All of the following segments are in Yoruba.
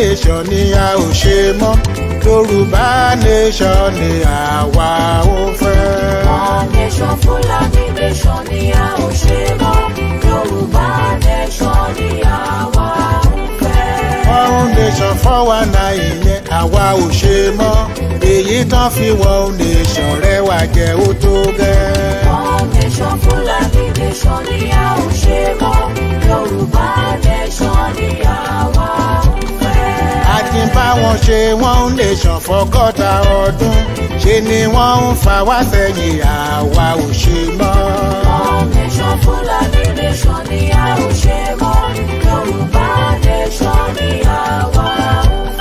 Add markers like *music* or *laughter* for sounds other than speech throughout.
nation ni a ò ṣe mọ́ yorùbá nation ni àwa ò fẹ́. one nation fúlàní nation ni a ò ṣe mọ́ yorùbá nation ni àwa ò fẹ́. one nation fọwọ́ náà ìyẹn àwa ò ṣe mọ́ èyí tán fi one nation rẹwà jẹ́ ó tó gẹ́. one nation fúlàní nation ni a ò ṣe mọ́. ṣe wọ́n ń lè ṣàn fọ́gọ́ta ọdún ṣe ni wọ́n ń fa wá sẹ́yìn àwa ò ṣe mọ́. one nation Fulani nation ni a ò ṣe mọ́ Yorùbá nation ni àwa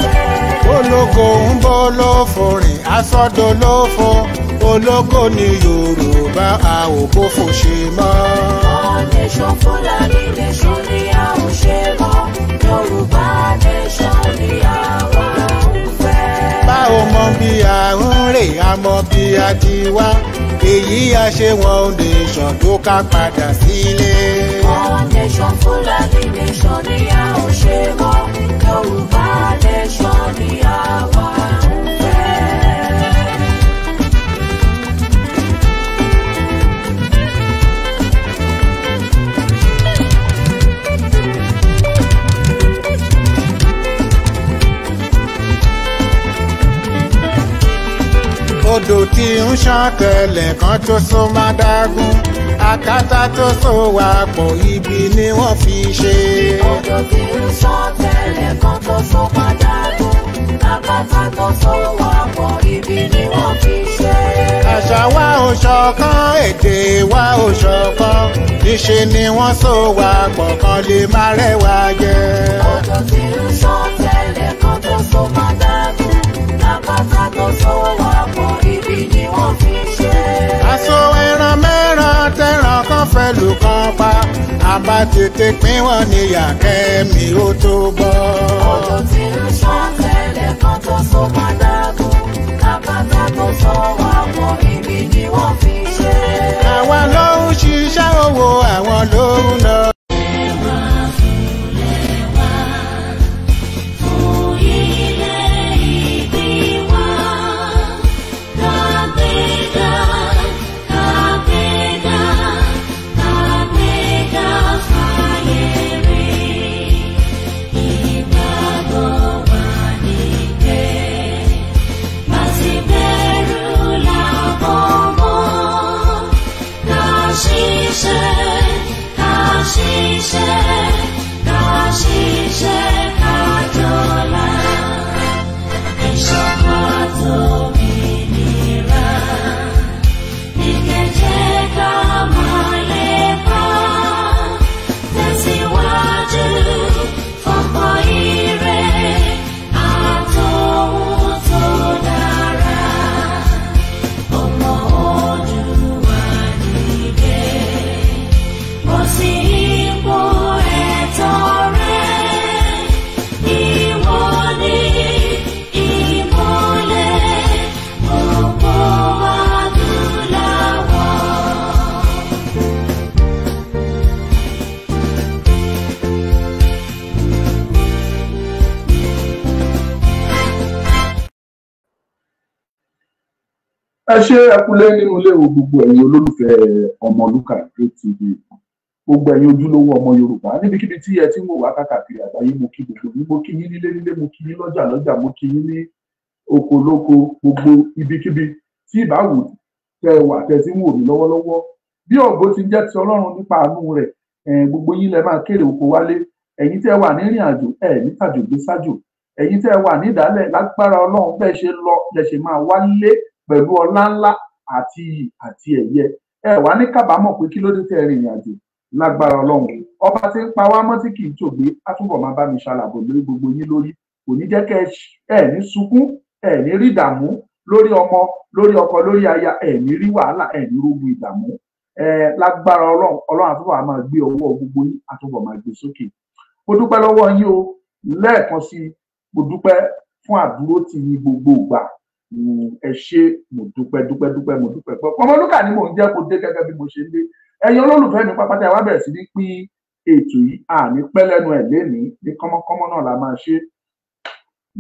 ò fẹ́. ológo ń bọ́ ló forin asọ́dọ̀ ló olóko ni yorùbá a ò kó fún ṣe mọ́. foundation fúlàní nation ni a ò ṣe mọ́ yorùbá nation ni àwa ń fẹ́. bá mọ bí a ń rè a mọ bí a ti wá èyí a ṣe foundation tó ká padà sílé. foundation fúlàní nation ni a ò ṣe mọ́ yorùbá nation ni àwa fẹ́. odò tí ń ṣàn kẹlẹ̀ kan tó so máa dágún akátá tó so wà pọ̀ ibi ni wọ́n fi ṣe. odò tí ń ṣàn kẹlẹ̀ kan tó so máa dágún akátá tó so wà pọ̀ ibi ni wọ́n fi ṣe. àṣà wa ò ṣọ̀kan èdè wa ò ṣọ̀kan níṣe ni wọ́n so wà pọ̀ kan lè má rẹwà jẹ. odò tí ń ṣàn kẹlẹ̀ kan tó so máa dágún pátápátá tó sówó àpò ibi ni wọ́n fi ṣe. aṣọ ẹran mẹ́ran tẹran kan fẹ́ lù kan pa tètè pín wọn níyà kẹ́mi ó tó bọ́. òjò tí ń ṣàn tẹ́lẹ̀ kan kápátá tó sówó àpò. kúlé nínú ilé o gbogbo ẹ̀yin olólùfẹ́ ọmọlúkà great tv gbogbo ẹ̀yin ojúlówó ọmọ yorùbá níbikíbi tí ẹ ti ń wò wá káàkiri àgbáyé mo kí gbogbo yín mo kí yín nílé nílé mo kí yín lọ́jà lọ́jà mo kí yín ní oko lóko gbogbo ibikíbi tí ìbáwò tẹ wà tẹ ti ń wò mí lọ́wọ́lọ́wọ́ bí ògo ti jẹ́ ti ọlọ́run nípa àánú rẹ̀ gbogbo yín lẹ máa kéré oko wálé ẹ̀yin tẹ́ wà nírìn àjò ẹ̀ nítàjò gbé sájò ẹ̀yin tẹ́ wà nídàálẹ̀ lágbára ọlọ́run bẹ́ẹ̀ ṣe lọ lẹ ṣe máa wálé pẹ̀lú ọlá ńlá àti àti ẹ̀yẹ ẹ wà ní kábàámọ̀ pé kí ló dé tẹ ẹ rìnrìn àjò lágbára Ọlọ́run ọba tí ń pa wá mọ́ tí kì í tògbé á túbọ̀ máa bá mi ṣàlàbò lórí gbogbo yín lórí kò ní jẹ́ kẹ́ ẹ ní sunkún ẹ ní rí ìdààmú lórí ọmọ lórí ọkọ lórí aya ẹ ní rí wàhálà ẹ ní rógun ìdààmú ẹ lágbára Ọlọ́run Ọlọ́run àtúbọ̀ á máa gbé ọwọ́ gbogbo yín àtúbọ̀ máa gbé sókè mo dúpẹ́ lọ́wọ́ yín o lẹ́ẹ̀kan sí mo dúpẹ́ fún àdúró tì yín gbogbo ìgbà Mm, ẹ ṣé mo dúpẹ́ dúpẹ́ dúpẹ́ mo dúpẹ́ pọ̀ Ọmọlúkà ni mò ń jẹ́ kó dé gẹ́gẹ́ bí mo ṣe ń dé ẹ̀yin olólùfẹ́ mi pápátá ẹ wá bẹ̀rẹ̀ sí ní pín ètò yìí àní pẹ́ lẹ́nu ẹ̀ lénìí ní kọ́mọ́kọ́mọ́ náà la máa ṣe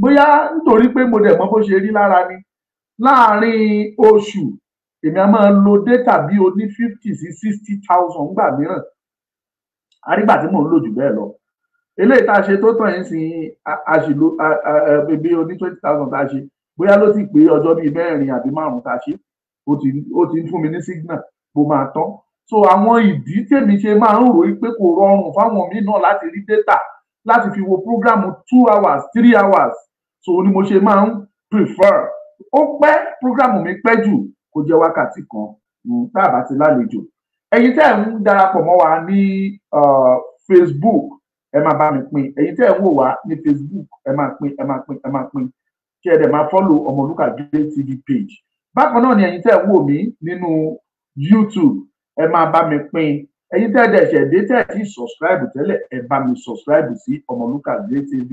bóyá nítorí pé mo dẹ̀ mọ̀ bó ṣe rí lára ni láàárín oṣù èmi a máa lo data bí o ní fifty sí sixty thousand gbà mìíràn àrígbà tí mò ń lò jù bẹ́ẹ̀ lọ eléyìí tá a ṣe tó tàn yín sí àṣìlò bíi oní twenty thousand tá a ṣe bóyá ló sì pé ọjọ́ bíi mẹ́rin àbí márùn-ún tá a ṣe ó ti ń fún mi ní signal bó máa tán so àwọn ìdí tèmi ṣe máa ń ròó pé kò rọrùn fáwọn míì náà láti rí data láti fi wo program two hours three hours so ni mo ṣe máa ń prefer ó pẹ́ program mi pẹ́ jù kó jẹ́ wákàtí kan tá a bá ti lálejò ẹ̀yin tẹ́ ẹ̀ ń darapọ̀ mọ́ wa ní Facebook ẹ máa bá mi pín ẹ̀yin tẹ́ ẹ̀ ń wò wá ní Facebook ẹ máa pín ẹ máa pín ẹ máa pín kí ẹ dẹ̀ máa fọ́lò ọmọlúkà great tv page bákan náà ni ẹ̀yin tẹ́ ẹ̀ wò mí nínú youtube ẹ máa bá mi pín ẹ̀yin tẹ́ ẹ̀ dẹ̀ ṣẹ̀ dé tẹ́ ẹ̀ ti subscribe tẹ́lẹ̀ ẹ bá mi subscribe sí ọmọlúkà great tv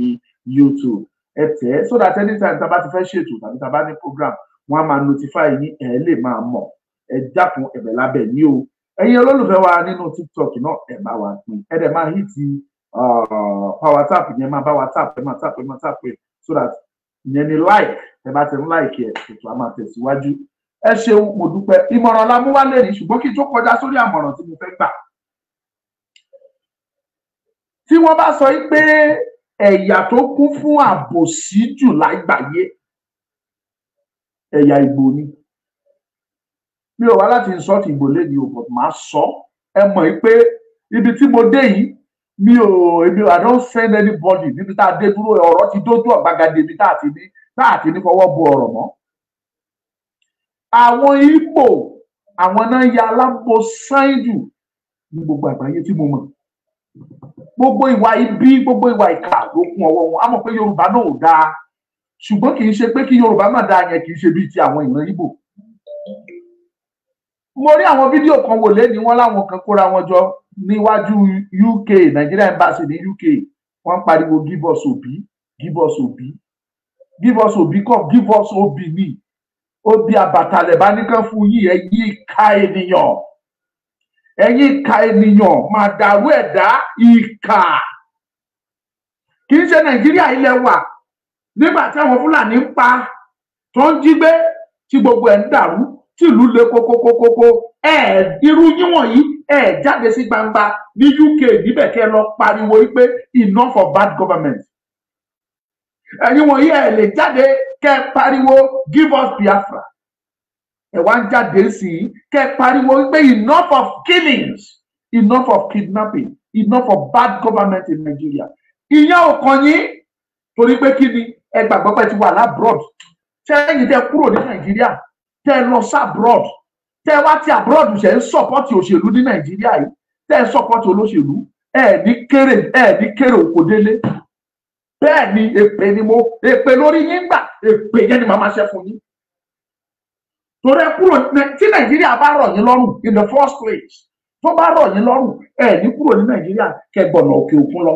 youtube ẹ tẹ̀ ẹ́ so that anytime tá a bá ti fẹ́ ṣètò tàbí tá a bá ní program wọn á máa notify yín ẹ̀ lè máa mọ̀ ẹ dákun ẹ̀bẹ̀ lábẹ́ ní o ẹ̀yin olólùfẹ́ wa nínú tiktok náà ẹ bá wa pín ẹ dẹ̀ máa hit power tap yẹn máa bá wa tap ẹ máa tap ẹ máa tap ẹ so that ìyẹn ni like ẹ bá ti ń like ẹ ètò àmà tẹ̀síwájú ẹ ṣeun mo dúpẹ́ ìmọ̀ràn la mú wá lẹ́rìí ṣùgbọ́n kí n tó kọjá sórí àmọ̀ràn tí mo fẹ́ gbà tí wọ́n bá sọ pé ẹ̀yà tó kún fún àbòsí jù lágbàáyé ẹ̀yà Ìgbò ni mi ò wá láti insult Ìgbò lẹ́yìn o but màá sọ ẹ mọ̀ pé ibi tí mo dé yìí mi ò èmi i don't send anybody níbi tá a dé dúró ọ̀rọ̀ ti dójú ọ̀gbagadé ibi tá a ti ní tá a ti ní fọwọ́ bu ọ̀rọ̀ mọ́. àwọn Ìgbò àwọn náà ya alábò sáyìn jù ní gbogbo àgbáyé tí mo mọ̀ gbogbo ìwà ibi gbogbo ìwà ìkà ló kún ọwọ́ wọn a mọ̀ pé Yorùbá náà ò dáa ṣùgbọ́n kì í ṣe pé kí Yorùbá má dáa yẹn kì í ṣe bíi ti àwọn ìran Ìgbò mo rí àwọn fídíò kan wò lẹ́ni wọn láwọn kan kóra wọn jọ níwájú UK Nigeria embassy ní UK wọ́n pariwo give us Obi give us Obi give us Obi kọ́ give us Obi ni Obi àbàtàlẹ̀ bá nìkan fún yìí ẹ̀yìn ìka ènìyàn ẹ̀yìn ìka ènìyàn máa dàrú ẹ̀dá ìka kì í ṣe Nàìjíríà ilẹ̀ wa nígbà tí àwọn Fúlàní ń pa tó ń jí gbé tí gbogbo ẹ̀ ń dàrú tìlú le kókókókókó ẹ̀ irú yíwọ̀n ẹ jáde sí gbangba ní UK níbẹ̀ kẹ́ lọ pariwo wípé enough for bad government ẹ̀yin wọ̀nyí ẹ̀ lè jáde kẹ́ pariwo give us Biafra ẹ̀ wá ń jáde sí i kẹ́ pariwo wípé enough of killings enough of kidnapping enough of bad government in Nigeria ìyẹn ò kàn yín torí pé kí ni ẹ gbàgbọ́ pé ti wà lábroad tẹ́yìn tẹ́ kúrò ní Nàìjíríà tẹ́ lọ sábroad tẹ́ wá tí abroad ṣe ń sọ́pọ́tì òṣèlú ní nàìjíríà yìí tẹ́ ń sọ́pọ́tì olóṣèlú ẹ̀ ní kéré ẹ̀ ní kéré òkò délé bẹ́ẹ̀ ni èpè ni mo èpè lórí yín gbà èpè yẹn ni màá máa ṣe fún yín torí ẹ kúrò tí nàìjíríà bá rọ̀ yín lọ́rùn in the first place tó bá rọ̀ yín lọ́rùn ẹ̀ ní kúrò ní nàìjíríà kẹgbọ̀nà òkè òkun lọ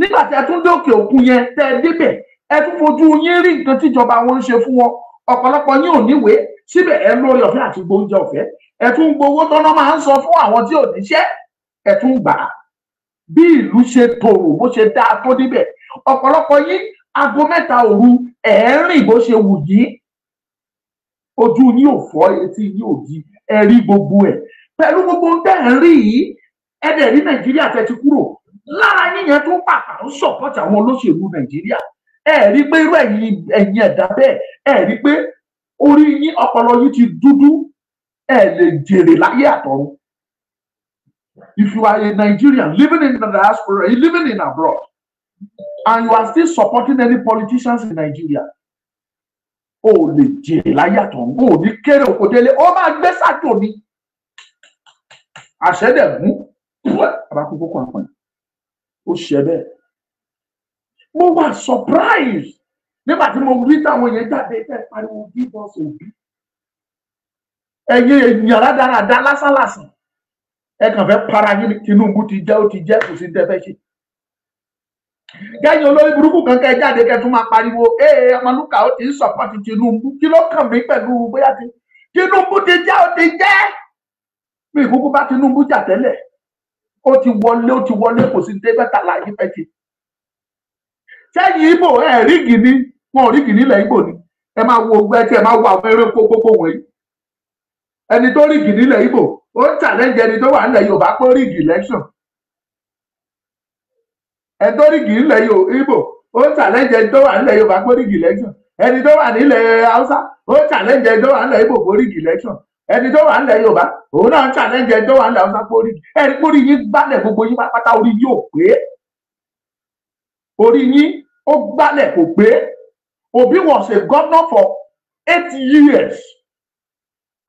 nígbà tí ẹ tún dé òkè òkun yẹn tẹ́ ẹ débẹ̀ ẹ tún fojú yín rí nǹkan tíjọba wọn ń ṣe fún wọn ọ̀pọ̀lọpọ̀ yín ò níwèé síbẹ̀ ẹ lórí ọ̀fẹ́ àti gbóúnjẹ ọ̀fẹ́ ẹ gbowó tọ́nà máa ń sọ fún àwọn tí ò níṣẹ́ ẹ gbà á bí ìlú ṣe tòrò bó ṣe dáa tó níbẹ̀ ọ̀pọ̀lọpọ̀ yín aago mẹ́ta òru ẹ̀ bó ṣe wù yín ojú yín ò fọ́ etí yín ò di ẹ rí gbogbo ẹ̀ pẹ̀lú gbogbo ń tẹ̀ rí yìí ẹ rí nàìjíríà tẹ̀ ti kúrò lára yíyan tó pàpà ń sọ̀pọ̀tì àwọn olóṣèlú nàìjíríà ẹ pé irú ẹ̀yin ẹ̀dá bẹ́ẹ̀ ẹ pé orí yín ọpọlọ yín ti dúdú ẹ lè jèrè láyé àtọ̀run if you are a Nigerian living in the diaspora living in abroad and you are still supporting any politicians in Nigeria o lè jèrè láyé àtọ̀run o ní kéré òkò délé ó máa gbé sájò ni àṣẹ dẹ̀ mú abakúkú kan pọ̀ ó ṣe bẹ́ẹ̀ mo wà surprise nígbà tí mo rí táwọn yẹn jáde tẹ́ pariwo give us Obi ẹ̀yin ènìyàn rádaràda lásánlàsàn ẹ kàn fẹ́ para yín Tinubu ti jẹ́ ó ti jẹ́ kò sí tẹ́ fẹ́ ṣe gẹ́yìn olórí burúkú kan kẹ́ jáde kẹ́ máa pariwo ee ọmọlúkà ó ti ń sọ̀pọ̀tì Tinubu kí ló kàn mí pẹ̀lú bóyá ti Tinubu ti jẹ́ ó ti jẹ́ mi ìkúkú bá Tinubu jà tẹ́lẹ̀ ó ti wọlé ó ti wọlé kò sí débẹ́ta láyé fẹ́ ṣe sẹ́yìn ibo ẹ̀ rígì ni wọn ò rí kì nílẹ̀ Ìgbò ni ẹ máa wo ọgbẹ́ tí ẹ máa wo àwọn eréko kókó wọ̀nyí ẹni tó rí kì nílẹ̀ Ìgbò ó ń challenge ẹni tó wà nílẹ̀ Yorùbá pé ó rí kì election ẹni tó rí kì nílẹ̀ Ìgbò ó ń challenge ẹni tó wà nílẹ̀ Yorùbá pé ó rí kì election ẹni tó wà nílẹ̀ Haúsá ó ń challenge ẹni tó wà nílẹ̀ Ìgbò pé ó rí kì election ẹni tó wà nílẹ̀ Yorùbá òun náà ń challenge ẹni tó wà nílẹ̀ Haúsá pé ó rí kì ẹni pé orí yín gbálẹ̀ kò Obi was a governor for eight years.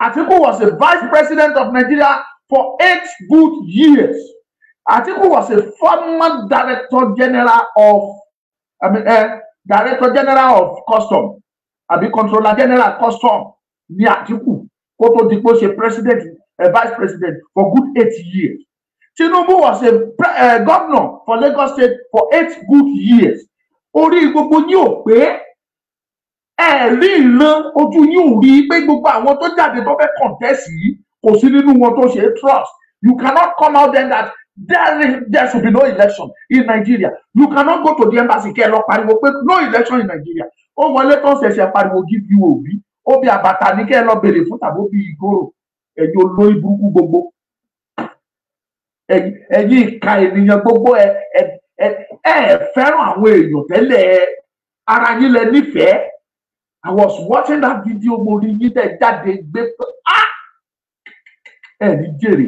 Atiku was a vice president of Nigeria for eight good years. Atiku was a former director general of, I mean, uh, director general of custom, be controller general custom ní Atiku kó tó di pé president a eh, vice president for good eight years. Tinubu was a uh, governor for Lagos State for eight good years. Orí gbogbo yín ò ẹ rí ìran ojú yín ò rí pé gbogbo àwọn tó jáde tó fẹ́ kọ̀ǹtẹ́sì yìí kò sí nínú wọn tó ṣe trust you cannot come out then that there, there should be no election in Nigeria you cannot go to the embassy kẹ́ ẹ lọ pariwo pé no election in Nigeria ó wọlé tán ṣẹ̀ṣẹ̀ pariwo give you òbí ó bí àbàtà ní kẹ́ ẹ lọ béèrè fún tàbí ó bí ìgòrò ẹ̀yin olórí burúkú gbogbo ẹ̀yin ìka ènìyàn gbogbo ẹ ẹ ẹ fẹ́ràn àwọn èèyàn tẹ́lẹ̀ ara yín lẹ nífẹ̀ẹ́. I was watching that video mo rí yín tẹ jáde gbé pé ah! ẹ ní jèrè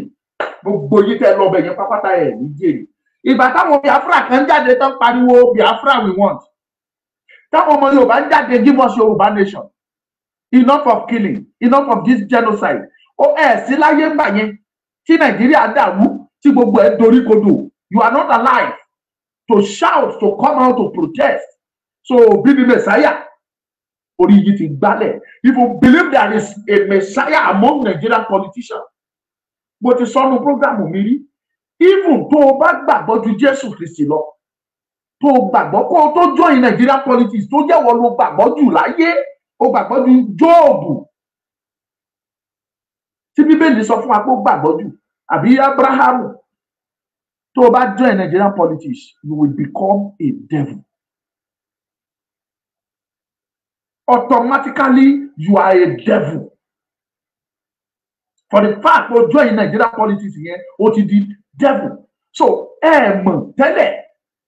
gbogbo yín tẹ lọ bẹ yẹn pápátá ẹ ní jèrè ìgbà táwọn Biafra kan jáde tán pariwo Biafra we want táwọn ọmọ Yorùbá ń jáde give us Yorùbá nation enough of killing enough of this genocide ó ẹ sí láyé ń bà yẹn tí Nàìjíríà dàrú tí gbogbo ẹ dorí kodò you are not alive to shout to come out to protest so bí ni messiah orí yìí ti gbálẹ̀ if you believe there is a messiah among Nigerian politicians mo ti sọnu programu mi rí even tó o bá gbàgbọ́ ju Jésù Kristi lọ tó o gbàgbọ́ kó o tó join Nigerian politics tó jẹ́wọ́ lo gbàgbọ́ jù láyé o gbàgbọ́ ju Jóòbù tí Bíbélì sọ fún wa pé ó gbàgbọ́ jù àbí Abrahamu tó o bá join Nigerian politics you will become a devil automatically you are a devil for the fact pé ojú ẹ̀yin Nigeria politics here, ó ti di devil so ẹ mọ̀ tẹ́lẹ̀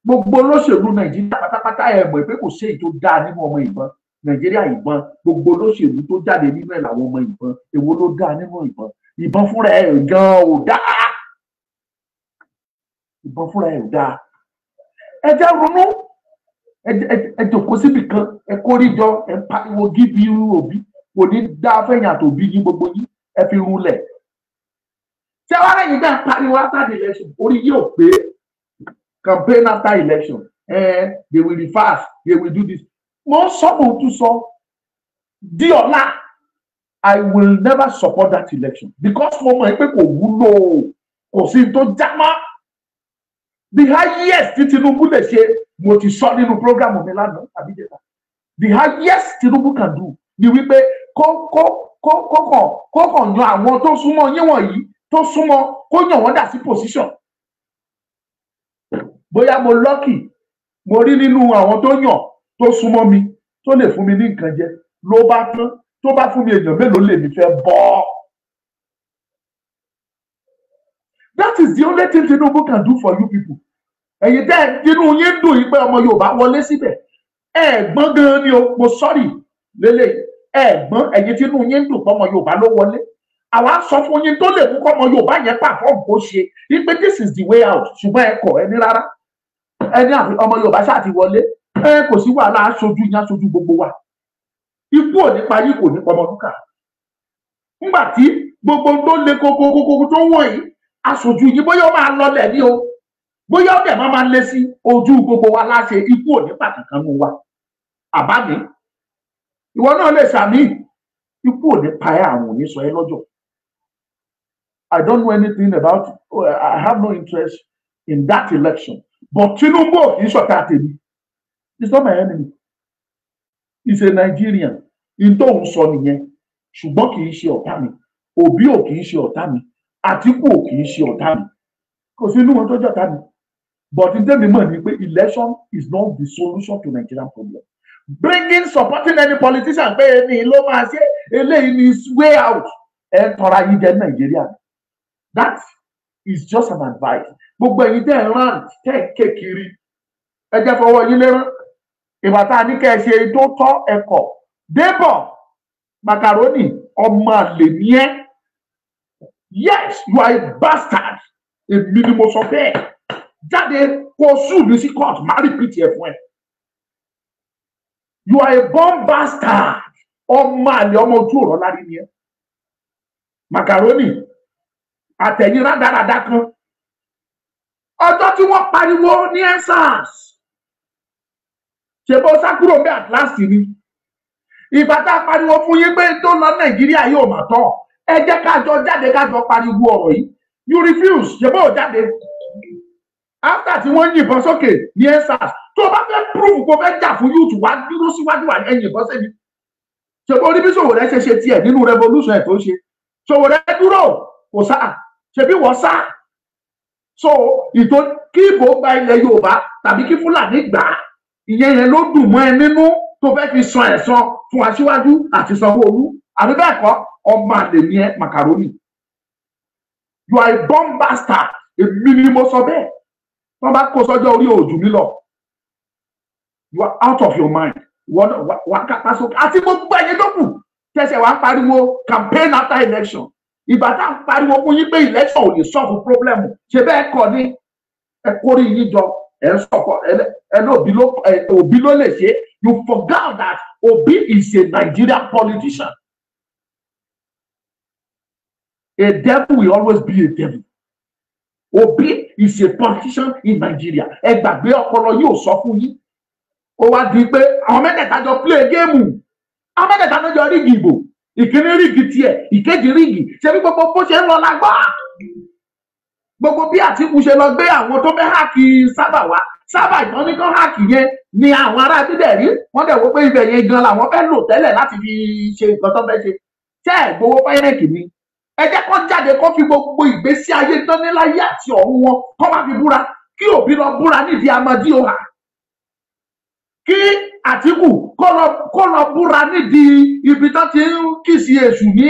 gbogbo olóṣèlú Nàìjíríà pátápátá ẹ mọ̀ pé kò sí èyí tó dáa nínú ọmọ ìbọn Nàìjíríà ìbọn gbogbo olóṣèlú tó jáde nínú ẹ̀ làwọn ọmọ ìbọn èwo ló dáa nínú ìbọn ìbọn fúnra ẹ̀ gan ò dáa ìbọn fúnra ẹ̀ ò dáa ẹ jẹ́ ronú ẹ jòkó síbi kan ẹ kórìjọ ẹ pariwo gíbi irú òbí kò ní dá fẹ̀yìn àtòbí yín gbogbo yín ẹ fi rúlẹ̀ tí àwọn ẹ̀yìn dá pariwo after election orí yóò pé campaign after election eh, they will reverse they will do this mo ń sọ mo tún sọ di ọ̀la I will never support that election because mo mọ̀ pé kò wúlò kò sí tó já mọ́ the highest tí Tinubu lè ṣe mo ti sọ nínú programu mi lánàá àbí jẹta the highest Tinubu can do ni wípé kó kó kó kó kàn kó kàn yan àwọn tó súnmọ́ yín wọ̀nyí tó súnmọ́ kó yàn wọ́n dà sí position bóyá mo lọ́kì mo rí nínú àwọn tó yàn tó súnmọ́ mi tó lè fún mi ní nǹkan jẹ ló bá tán tó bá fún mi èèyàn mélòó lèmi fẹ́ bọ́ ọ. That is the only thing Tinubu can do for you people ẹ̀yin tẹ́ inú yín dùn yìí pé ọmọ Yorùbá wọlé síbẹ̀ ẹ gbọ́n gan ni o mo sọ́rí lélẹ̀ ẹ gbọ́n ẹ̀yin tí inú yín dùn pé ọmọ Yorùbá ló wọlé àwa sọ fún yín tó lè mú kọ́ ọmọ Yorùbá yẹn pàfọ́ọ̀mù kó ṣe wípé this is the way out ṣùgbọ́n ẹ kọ̀ ẹni rárá ẹni ọmọ Yorùbá ṣáà ti wọlé ẹ kò sí wàhálà aṣojú yín aṣojú gbogbo wa ikú ò ní pa yìí kò ní pa ọmọ lúkà ńgbà tí gbogbo tó le kókókókó tó wọ̀ yìí aṣojú yìí bóyá ó máa lọlẹ̀ ní o bóyá ọdẹ máa máa lé sí ojú gbogbo wa láṣẹ ikú òní pàtàkì nù wa àbá ìwọ náà lè sàmì ikú òní pa àwọn òní sọ ẹ lọ́jọ́ I don't know anything about I have no interest in that election but Tinubu kì í ṣọ̀tá tèmi he's not my enemy he's a Nigerian in tóun sọ nìyẹn ṣùgbọ́n kì í ṣe ọ̀tá mi Obi ò kì í ṣe ọ̀tá mi Àtíkù ò kì í ṣe ọ̀tá mi kò sí inú wọn tó jọ̀tá mi But in the moment, election is not the solution to Nigerian problem. Bringing supporting any politician pé ẹni ló máa ṣe eléyìí ni his way out ẹ tọra yìí jẹ Nàìjíríà. That is just an advice. Gbogbo ẹ̀yin tẹ́ ẹ̀ rán tẹ́ ẹ̀ ké kiri. Ẹ jẹ́ fọwọ́ yín lérán. Ìwà tá a ní kẹ́ ẹ ṣe tó tọ́ ẹ̀kọ́. Débọ̀ Macaroni ọmọ àlè ni ẹ́. Yes, you are a bastard. Èmi ni mo sọ bẹ́ẹ̀ jáde kó sùúlù sí court má repeat PTF fún you are a born bastard ọmọ àlè ọmọ ojú ọ̀rọ̀ lárí ni ẹ macaroni àtẹ̀yìn rádaràda kan ọjọ́ tí wọ́n pariwo ní ensars ṣèbó sákúrò bí àtìláàsì ni ìgbà tá a pariwo fún yín pé tó lọ nàìjíríà yóò mà tọ ẹ jẹ́ ká jọ jáde ká jọ pariwo ọ̀rọ̀ yìí you refuse ṣèbó jáde after tí wọ́n yìnbọn sókè ní ensars To bá fẹ́ prove kó fẹ́ jà fún youth wá dúró síwájú wà ẹ̀yìn ìbọn sẹ́ni ṣèbó orí bí Sowore ṣe ṣe tiẹ̀ nínú revolution ẹ̀ tó ṣe Sowore dúró kò sá ṣebí wọ́n sá so ìtò kí ìbò gba ilẹ̀ Yorùbá tàbí kí Fúlàní gbà á ìyẹn yẹn ló dùn mọ́ ẹ nínú tó fẹ́ fi san ẹ̀san fún Aṣíwájú àti Sanwó-Olú àbí bẹ́ẹ̀ kọ́ ọmọ àlè ni ẹ Macaroni. you are a bomb bastard èmi ni mo sọ bẹ́ẹ̀ wọ́n bá kó sọ́jọ́ orí òjò mi lọ you are out of your mind wọ́n wà kápá sókè àti gbogbo ẹ̀yẹ tó kù tẹ̀sẹ̀ wà ń pariwo campaign after election ìgbà tá à ń pariwo fún yín pé election ò lè solve problem ṣe bẹ́ẹ̀ kọ́ ni ẹ kórè yín jọ ẹ ń sọ̀kọ̀ ẹ ní òbí ló lè ṣe you forget that Obi is a Nigerian politician a devil will always be a devil Obi is a politician in Nigeria ẹ gbàgbé ọpọlọ yóò sọ fún yín ó wá di pé àwọn mẹ́tẹ̀ẹ̀ta jọ play game àwọn mẹ́tẹ̀ẹ̀ta ló jọ rígì ìbò ìkíní rígì tiẹ̀ ìkejì rígì ṣe bí gbogbo bó ṣe ń lọ lágbá gbogbo bí Àtìkù ṣe lọ gbé àwọn tó fẹ́ háàkì Sábà wá Sábà ìtàn ní kán háàkì yẹn ni àwọn ará bídẹ̀ rí wọ́n dẹ̀ wò pé ibẹ̀ yẹn gan làwọn fẹ́ lò tẹ́lẹ̀ láti fi ṣe nǹkan tó fẹ́ ṣe tẹ́ ẹ̀ gbowó pẹ́rẹ́ǹtì mi ẹ jẹ́ jáde kó fi gbogbo ìgbésí ayé dánníláyé àti ọ̀run wọn kó má fi búra kí òbí lọ búra nídìí amadi oha kí Àtíkù kó lọ búra nídìí ibi tó ti ń kìsì èṣù ní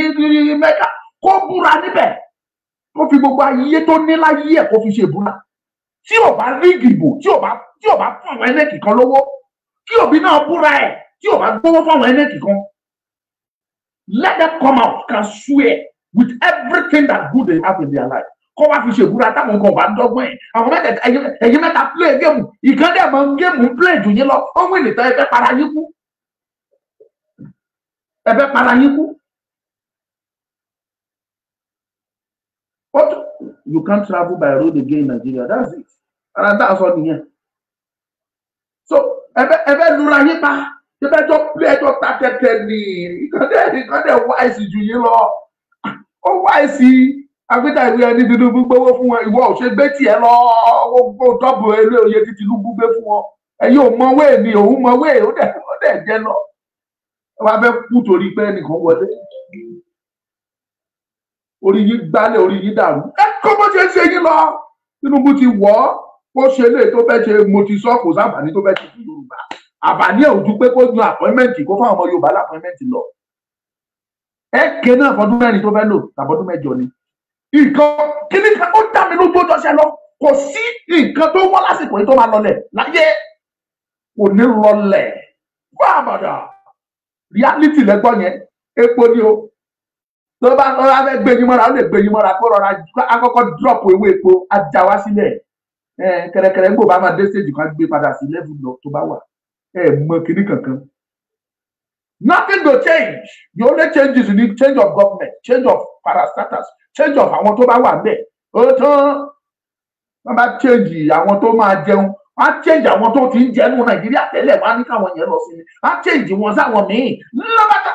Mẹ́kà kó búra níbẹ̀ kó fi gbogbo ayé tó níláyé ẹ̀ kó fi ṣe búra tí ò bá rí ìgbìbò tí ò bá tí ò bá fún àwọn ẹlẹ́kì kan lówó kí òbí náà búra ẹ̀ tí ò bá gbówó fún àwọn ẹlẹ́kì kan let them come out Can swear with everything that good they have in their life kọ́ wá fi ṣèbúra táwọn kan bá ń dọ́gbọ́n ẹ̀ àwọn mẹ́tẹ̀ẹ̀ta ẹ̀yin mẹ́ta play game ìkan dẹ̀ mọ́ géèmù play jù yín lọ ọ̀hún ènìtàn ẹ̀fẹ́ para yín kú ẹ̀fẹ́ para yín kú. you can't travel by road again in Nigeria that's it ara tá a sọ nìyẹn so ẹ̀fẹ́ ẹ̀fẹ́ lura yín pa ẹ̀fẹ́ jọ play ẹjọ́ ta tẹ́tẹ́ ni ìkan dẹ̀ ìkan dẹ̀ wáìsì jù yín lọ ó wá sí agbẹ́ta ìwé ẹni Tinubu gbowó fún wọn ìwọ ò ṣe gbé tiẹ̀ lọ ó dọ́bù eré oyè tí Tinubu gbé fún wọn ẹ̀yin ò mọ wéè ni òun mọ wéè ó dẹ̀ ó dẹ̀ jẹ́ lọ wọn fẹ́ kú torí pé ẹnìkan wọlé orí yín gbálẹ̀ orí yín dàrú ẹ kó bó ṣe ṣe yín lọ Tinubu ti wọ̀ ọ́ kó ṣe lè tó fẹ́ ṣe mo ti sọ kò sábàání tó fẹ́ ṣe fún Yorùbá àbàní ẹ̀ ò ju kó yan àpọ́ínmẹ́ǹtì kó fáwọn ọmọ Yorùbá lápọ́ínmẹ́ǹtì lọ èké náà fọdún mẹ́rin tó fẹ́ lò tàbọ̀dún mẹ́jọ ni nǹkan kíní kan ó dá mi lójú ọjọ́ ṣe lọ kò sí nǹkan tó wọ́n lásìkò yìí tó máa lọlẹ̀ láyé kò ní lọlẹ̀ wá àbàdà reality lẹ́gbọ́n yẹn epo ni o tó bá tó bá fẹ́ gbé yín mọ́ra ó lè gbé yín mọ́ra kó rọra akọ́kọ́ drop ewé epo ajá wá sílẹ̀ kẹ̀rẹ̀kẹ̀rẹ̀ ń bò bá máa dé stage kan gbé padà sí level lọ tó bá wà ẹ̀ mọ kíní kankan nothing go change the only change is the change of government change of parastatals change of àwọn tó bá wà bẹ́ẹ̀ ó tán wọ́n bá change àwọn tó máa jẹun wọ́n á change àwọn tó ti ń jẹun nàìjíríà tẹ́lẹ̀ wọ́n á ní káwọn yẹn lọ sí ni wọ́n á change wọn sáwọn míì lọ́bàtà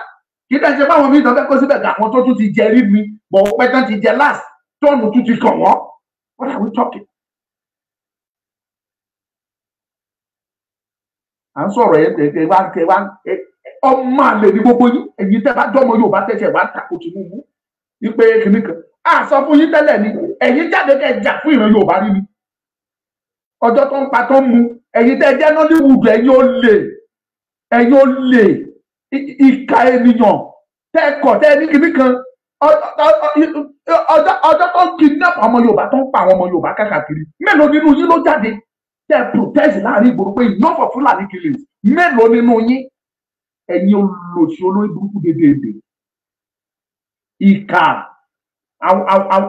kí dẹ́ ṣe báwọn míì tán fẹ́ kó síbẹ̀ gan àwọn tó tún ti jẹ rí mi bọ̀ ọ̀pẹ tán ti jẹ last tọ́ọ̀nù tún ti kàn wọ́n what are we talking. à ń sọ̀rọ̀ ẹ̀ ẹ̀ wá ẹ̀ wá ẹ̀ ọmọ àlè ní gbogbo yín ẹ̀yin tẹ́ bá dọ́mọ Yorùbá tẹ̀sẹ̀ wá tako Tinubu wípé kìnnì kan a sọ fún yín tẹ́lẹ̀ ni ẹ̀yin jáde kẹ́ jà fún ìran Yorùbá rí ni ọjọ́ tó ń pa tó ń mu ẹ̀yin tẹ́ jẹ́ Nollywood ẹ̀yin ó lè ẹ̀yin ó lè ìka ènìyàn tẹ́ kọ̀ tẹ́ ní kìnnì kan ọjọ́ tó ń kidnap ọmọ Yorùbá tó ń pa àwọn ọmọ Yorùbá káàkiri mélòó nínú yín ló jáde tẹ́ protest láàrin ìgboro pé enough of Fulani killings mélòó nínú yín ẹ̀yin olòṣì olórí burúkú dédéédé ìkà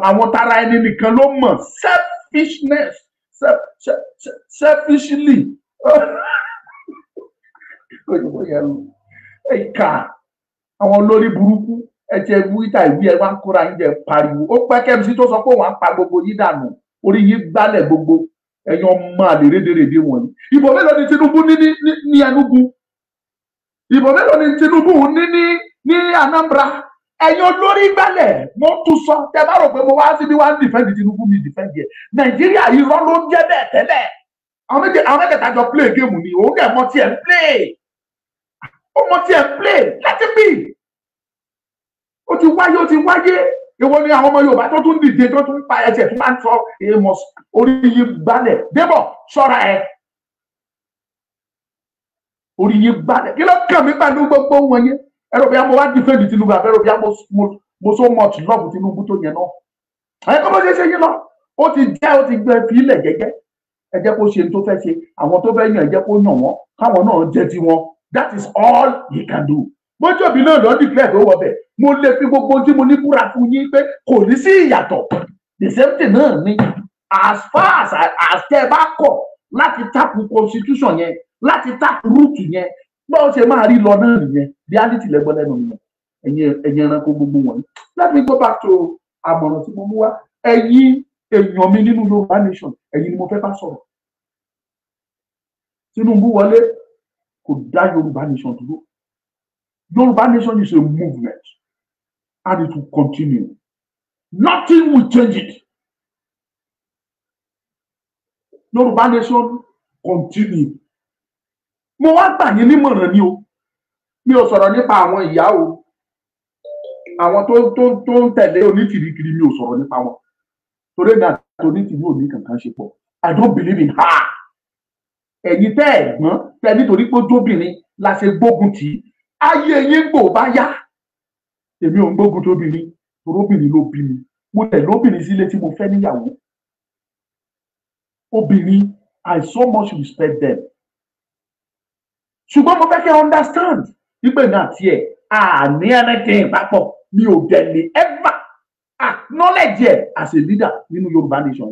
àwọn tara ẹni nìkan ló mọ̀ selfishness selfishly *laughs* ìkà àwọn olórí burúkú ẹ jẹ wíta ìwé ẹ wá ń kóra yín jẹ pariwo ó pẹ́ kẹ́mi tó sọ pé òun á pa gbogbo yín dànù orí yín gbálẹ̀ gbogbo ẹ̀yin ọmọ àlè rédèrèdè wọ̀nyí ìbò mélòó ni Tinubu ní ní Enugu ìbò mélòó ni Tinubu ní ní ní Anambra ẹ̀yin olórí gbálẹ̀ mo tún sọ tẹ bá rò pé mo wá síbi wá ń dìfẹ́ǹdì Tinubu mi dìfẹ́ǹdì ẹ̀ Nàìjíríà irọ́ ló ń jẹ́ bẹ́ẹ̀ tẹ́lẹ̀ àwọn mẹ́tẹ̀ẹ̀ta jọ play game ni òun kẹ́ mọ tiẹ̀ ń play ó mọ tiẹ̀ ń play láti bì ó ti wáyé ó ti wáyé ìwọ ni àwọn ọmọ Yorùbá tó tún dìde tó tún pa ẹsẹ̀ tó máa ń sọ èèmọ̀ orí yìí gbálẹ̀ débọ̀ sọ́ra ẹ̀ orí yé gbálẹ̀ kí ló kàn mí pẹ̀lú gbogbo wọn yẹn ẹ̀rọ bí amọ̀ wá dìfẹ́ǹdì Tinubu àbẹ̀rọ bí amọ̀ mo so much love Tinubu tó yẹn náà àyẹ̀kọ́ bó ṣe ṣe yín lọ ó ti jẹ́ ó ti gbẹ fílẹ̀ jẹ́jẹ́ ẹ jẹ́ kó ṣe tó fẹ́ ṣe àwọn tó fẹ́ yàn ẹ jẹ́ kó yàn wọ́n káwọn náà jẹ́ tiwọn that is all he can do bójú òbí náà lọ́ọ́ dìklẹ̀ tó wọ bẹ̀ mo lè fi gbogbo tí mo ní búra fún yín pé kò ní sí ìyàtọ̀ the same thing náà ni as far as as tẹ́ ẹ bá kọ̀ láti takùn constitution yẹn láti tap root yẹn bọ́ọ̀ ṣe máa rí lọ náà nìyẹn reality lẹ́gbọ́n lẹ́nu mi ẹ̀yin ẹ̀yin ẹranko gbogbo wọ̀nyí let me go back to àmọ̀ràn tí mo mú wá ẹ̀yin èèyàn mi nínú Yorùbá nation ẹ̀yin ni mo fẹ́ bá sọ̀rọ̀ Tinubu wọlé kò dá Yorùbá nation dúró Yorùbá nation is a movement and it will continue nothing will change it Yorùbá nation continue mo wá gbà yín nímọ̀ràn ni o mi ò sọ̀rọ̀ nípa àwọn ìyá o àwọn tó tó tó ń tẹ̀lé onítìrìkiri mi ò sọ̀rọ̀ nípa wọn torí náà tonítìrí ò ní kankan ṣe pọ̀ I don't believe in her ẹ̀yin tẹ́ ẹ̀ gbọ́n tẹ́ nítorí pé tóbìnrin la ṣe gbógun tì í ayé yín gbò bá yá èmi ò ń gbógun tóbìnrin torobìnrin ló bí mi mo tẹ̀ lóbìnrin sílé tí mo fẹ́ níyàwó obìnrin I so much respect them ṣùgbọ́n mo fẹ́ kí ẹ understand wípé náà tiẹ̀ àní ẹnìkan papọ̀ mi ò dẹ̀lé ever acknowledge ẹ as a leader nínú Yorùbá nation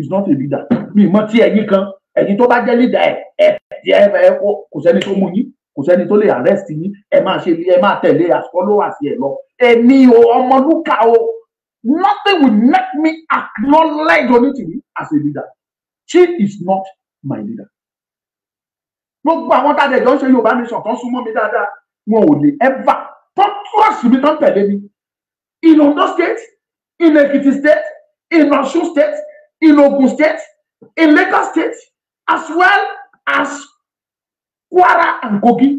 is not a leader mi mọ tí ẹyin kan ẹyin tó bá jẹ́ leader ẹ ẹ ẹ ẹ kò sẹ́ni tó mú yín kò sẹ́ni tó lè arrest yín ẹ máa ṣe ẹ máa tẹ̀lé as followers ẹ lọ èmi o Ọmọlúkà o nothing will make me acknowledge Onitiri as a leader she is not my leader gbogbo àwọn tá a dẹjọ ń ṣe yorùbá nation kan súnmọ́ mi dáadáa wọn ò lè ever tó trust mi tán tẹ̀lé mi in Ondo state in Ekiti state in Osun state in Ogun state in Lagos state as well as Kwara and Kogi